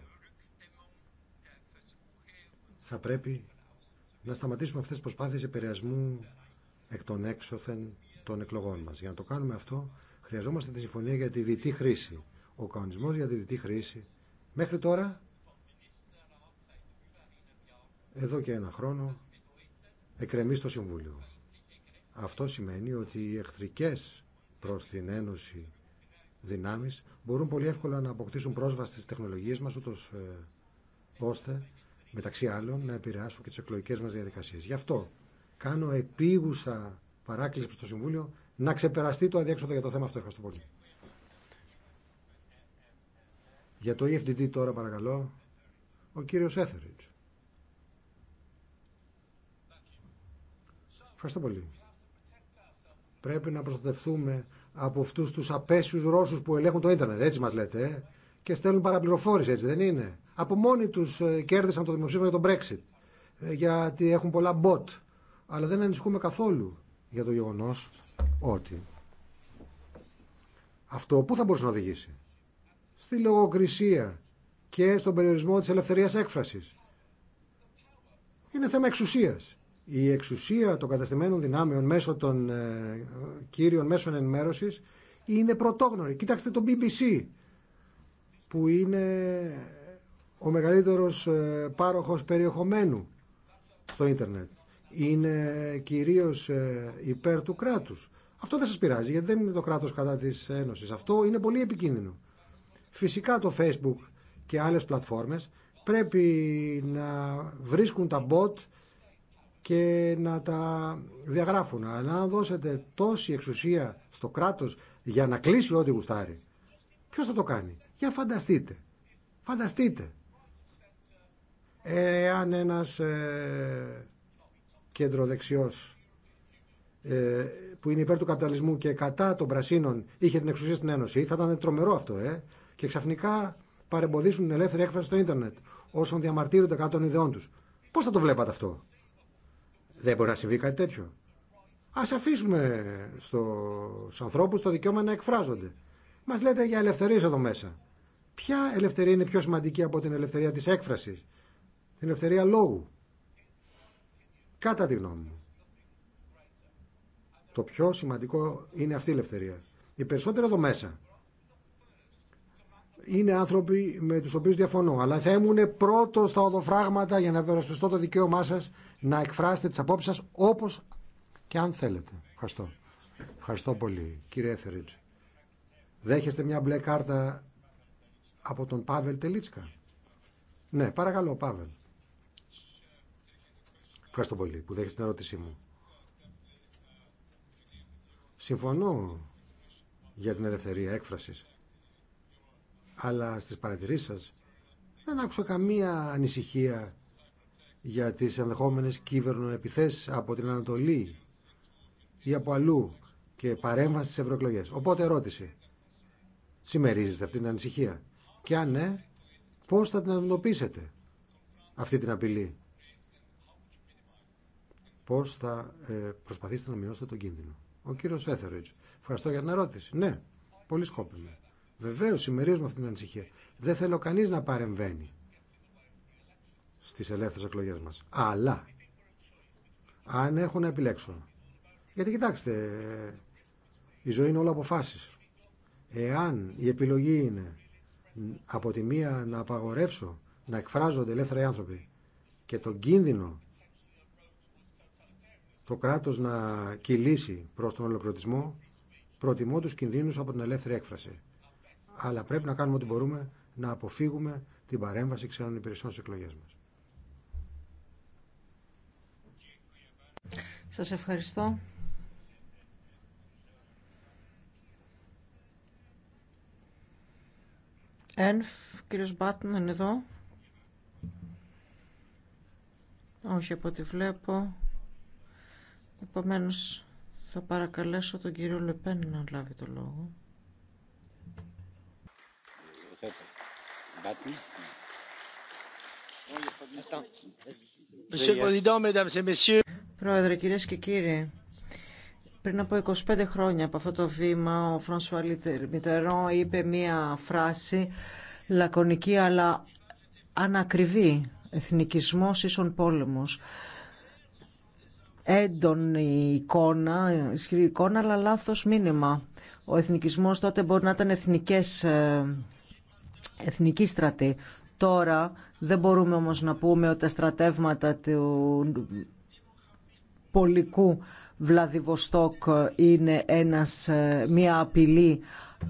C: Θα πρέπει να σταματήσουμε αυτές τις προσπάθειες επηρεασμού εκ των έξωθεν των εκλογών μας. Για να το κάνουμε αυτό χρειαζόμαστε τη συμφωνία για τη διτή χρήση. Ο κανονισμός για τη διτή χρήση μέχρι τώρα, εδώ και ένα χρόνο, εκρεμεί στο Συμβούλιο. Αυτό σημαίνει ότι οι εχθρικές προς την Ένωση δυνάμεις μπορούν πολύ εύκολα να αποκτήσουν πρόσβαση στις τεχνολογίες μας, ούτως ε, ώστε, μεταξύ άλλων, να επηρεάσουν και τις εκλογικές μας διαδικασίες. Γι' αυτό κάνω επίγουσα παράκληση στο Συμβούλιο να ξεπεραστεί το αδιέξοδο για το θέμα αυτό. Ευχαριστώ πολύ. Για το EFDD τώρα παρακαλώ, ο κύριος Έθεριτς. Ευχαριστώ πολύ. Πρέπει να προστατευτούμε από αυτούς τους απέσιους Ρώσους που ελέγχουν το ίντερνετ, έτσι μας λέτε, ε? και στέλνουν παραπληροφόρηση, έτσι δεν είναι. Από μόνοι τους ε, κέρδισαν το δημοψήφισμα για τον Brexit, ε, γιατί έχουν πολλά bot. Αλλά δεν ανησυχούμε καθόλου για το γεγονός ότι αυτό που θα μπορούσε να οδηγήσει στη λογοκρισία και στον περιορισμό της ελευθερίας έκφρασης. Είναι θέμα εξουσίας. Η εξουσία των καταστημένων δυνάμεων μέσω των ε, κύριων μέσων ενημέρωσης είναι πρωτόγνωρη. Κοιτάξτε το BBC που είναι ο μεγαλύτερος ε, πάροχος περιεχομένου στο ίντερνετ. Είναι κυρίως ε, υπέρ του κράτους. Αυτό δεν σας πειράζει γιατί δεν είναι το κράτος κατά της Ένωσης. Αυτό είναι πολύ επικίνδυνο. Φυσικά το Facebook και άλλες πλατφόρμες πρέπει να βρίσκουν τα bot και να τα διαγράφουν. Αλλά αν δώσετε τόση εξουσία στο κράτος για να κλείσει ό,τι γουστάρει, ποιος θα το κάνει. Για φανταστείτε. Φανταστείτε. Εάν ένας ε, κεντροδεξιός ε, που είναι υπέρ του καπιταλισμού και κατά των πρασίνων είχε την εξουσία στην Ένωση, θα ήταν τρομερό αυτό, ε και ξαφνικά παρεμποδίσουν την ελεύθερη έκφραση στο ίντερνετ όσων διαμαρτύρονται κάτω των ιδεών του. Πώ θα το βλέπατε αυτό, Δεν μπορεί να συμβεί κάτι τέτοιο. Α αφήσουμε στου ανθρώπου το δικαίωμα να εκφράζονται. Μα λέτε για ελευθερίε εδώ μέσα. Ποια ελευθερία είναι πιο σημαντική από την ελευθερία τη έκφραση, την ελευθερία λόγου. Κατά τη γνώμη μου. Το πιο σημαντικό είναι αυτή η ελευθερία. Η περισσότεροι εδώ μέσα είναι άνθρωποι με τους οποίους διαφωνώ, αλλά θα ήμουν πρώτο στα οδοφράγματα για να περασπιστώ το δικαίωμά σας να εκφράσετε τις απόψεις σας όπως και αν θέλετε. Ευχαριστώ. Ευχαριστώ πολύ, κύριε Έθεριτς. Δέχεστε μια μπλε κάρτα από τον Πάβελ Τελίτσκα. Ναι, παρακαλώ, Πάβελ. Ευχαριστώ πολύ που δέχεστε την ερώτησή μου. Συμφωνώ για την ελευθερία έκφρασης αλλά στις παρατηρήσεις σας δεν άκουσα καμία ανησυχία για τις ενδεχόμενες επιθέσεις από την Ανατολή ή από αλλού και παρέμβαση στις ευρωεκλογέ. Οπότε ερώτηση. Συμμερίζεστε αυτή την ανησυχία. Και αν ναι, πώς θα την αντιμετωπίσετε αυτή την απειλή. Πώς θα ε, προσπαθήσετε να μειώσετε τον κίνδυνο. Ο κύριος Έθεριτς. Ευχαριστώ για την ερώτηση. Ναι, πολύ σκόπιμη. Βεβαίω, συμμερίζουμε αυτή την ανησυχία. Δεν θέλω κανεί να παρεμβαίνει στι ελεύθερε εκλογέ μα. Αλλά, αν έχω να επιλέξω. Γιατί κοιτάξτε, η ζωή είναι όλα αποφάσει. Εάν η επιλογή είναι από τη μία να απαγορεύσω να εκφράζονται ελεύθεροι άνθρωποι και τον κίνδυνο το κράτος να κυλήσει προς τον ολοκληρωτισμό, προτιμώ τους κινδύνους από την ελεύθερη έκφραση αλλά πρέπει να κάνουμε ό,τι μπορούμε να αποφύγουμε την παρέμβαση ξένων υπηρεσιών στις εκλογές μας.
B: Σας ευχαριστώ. Ένφ, κύριος Μπάτν είναι εδώ. Όχι από ό,τι βλέπω. Επομένως θα παρακαλέσω τον κύριο Λεπέν να λάβει το λόγο. Πρόεδρε, κυρίες και κύριοι, πριν από 25 χρόνια από αυτό το βήμα ο Φρανσουά Μιτερό είπε μία φράση λακωνική αλλά ανακριβή εθνικισμός ίσον πόλεμος έντονη εικόνα, ισχυρή εικόνα αλλά λάθος μήνυμα ο εθνικισμός τότε μπορεί να ήταν εθνικές ε, Εθνική στρατή. Τώρα δεν μπορούμε όμως να πούμε ότι τα στρατεύματα του πολικού Βλαδιβοστόκ είναι ένας, ε, μια απειλή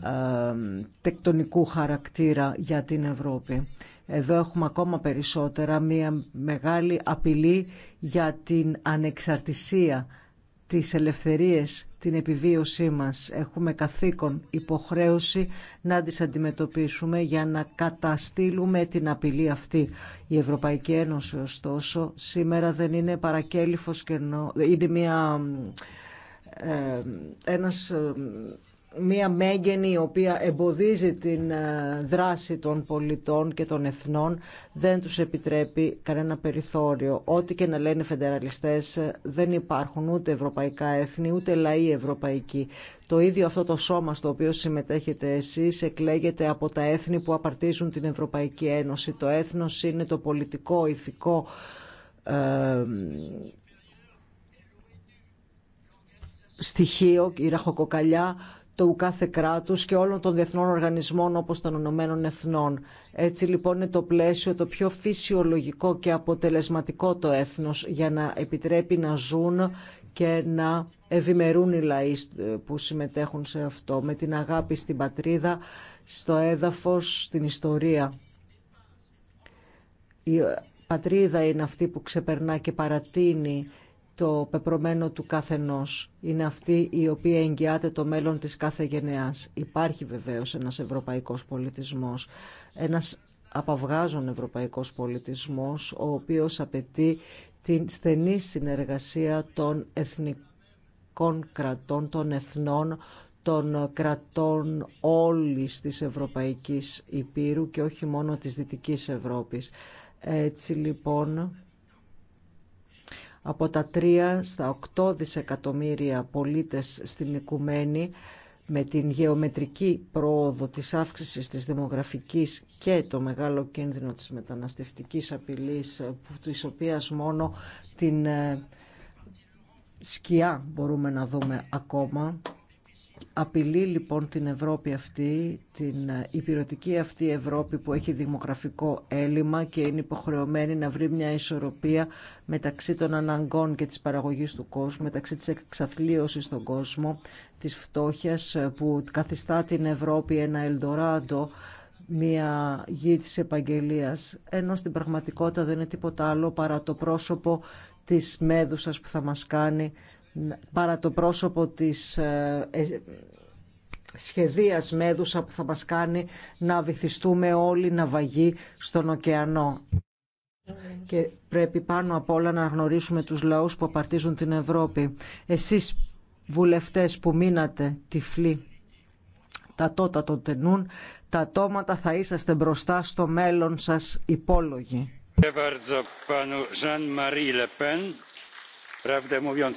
B: ε, τεκτονικού χαρακτήρα για την Ευρώπη. Εδώ έχουμε ακόμα περισσότερα μια μεγάλη απειλή για την ανεξαρτησία τις ελευθερίες, την επιβίωσή μας. Έχουμε καθήκον υποχρέωση να τις αντιμετωπίσουμε για να καταστήλουμε την απειλή αυτή. Η Ευρωπαϊκή Ένωση, ωστόσο, σήμερα δεν είναι παρακέλυφος και είναι μια, ε, ένας ε, μία μέγενη η οποία εμποδίζει την ε, δράση των πολιτών και των εθνών δεν τους επιτρέπει κανένα περιθώριο. Ό,τι και να λένε φεντεραλιστές ε, δεν υπάρχουν ούτε ευρωπαϊκά έθνη ούτε λαοί ευρωπαϊκοί. Το ίδιο αυτό το σώμα στο οποίο συμμετέχετε εσείς εκλέγεται από τα έθνη που απαρτίζουν την Ευρωπαϊκή Ένωση. Το έθνος είναι το πολιτικό, ηθικό ε, στοιχείο, η ραχοκοκαλιά του κάθε κράτους και όλων των διεθνών οργανισμών όπως των Ηνωμένων Εθνών. Έτσι λοιπόν είναι το πλαίσιο το πιο φυσιολογικό και αποτελεσματικό το έθνος για να επιτρέπει να ζουν και να ευημερούν οι λαοί ε, που συμμετέχουν σε αυτό με την αγάπη στην πατρίδα, στο έδαφος, στην ιστορία. Η ε, πατρίδα είναι αυτή που ξεπερνά και παρατείνει το πεπρωμένο του καθενός. Είναι αυτή η οποία εγγυάται το μέλλον της κάθε γενεάς. Υπάρχει βεβαίως ένας ευρωπαϊκός πολιτισμός, ένας απαυγάζων ευρωπαϊκός πολιτισμός, ο οποίος απαιτεί την στενή συνεργασία των εθνικών κρατών, των εθνών, των κρατών όλης της Ευρωπαϊκής Υπήρου και όχι μόνο της Δυτικής Ευρώπης. Έτσι λοιπόν από τα 3 στα 8 δισεκατομμύρια πολίτες στην οικουμένη με την γεωμετρική πρόοδο της αύξησης της δημογραφικής και το μεγάλο κίνδυνο της μεταναστευτικής απειλής της οποίας μόνο την ε, σκιά μπορούμε να δούμε ακόμα Απειλεί λοιπόν την Ευρώπη αυτή, την ε, υπηρετική αυτή Ευρώπη που έχει δημογραφικό έλλειμμα και είναι υποχρεωμένη να βρει μια ισορροπία μεταξύ των αναγκών και της παραγωγής του κόσμου, μεταξύ της εξαθλίωσης στον κόσμο, της φτώχειας ε, που καθιστά την Ευρώπη ένα Ελντοράντο, μια γη της επαγγελίας, ενώ στην πραγματικότητα δεν είναι τίποτα άλλο παρά το πρόσωπο της μέδουσας που θα μας κάνει παρά το πρόσωπο της ε, ε, σχεδίας μέδουσα που θα μας κάνει να βυθιστούμε όλοι να βαγεί στον ωκεανό. Και πρέπει πάνω απ' όλα να γνωρίσουμε τους λαούς που απαρτίζουν την Ευρώπη. Εσείς βουλευτές που μείνατε τυφλοί, τα τότα των τενούν, τα τόματα θα είσαστε μπροστά στο μέλλον σας υπόλογοι.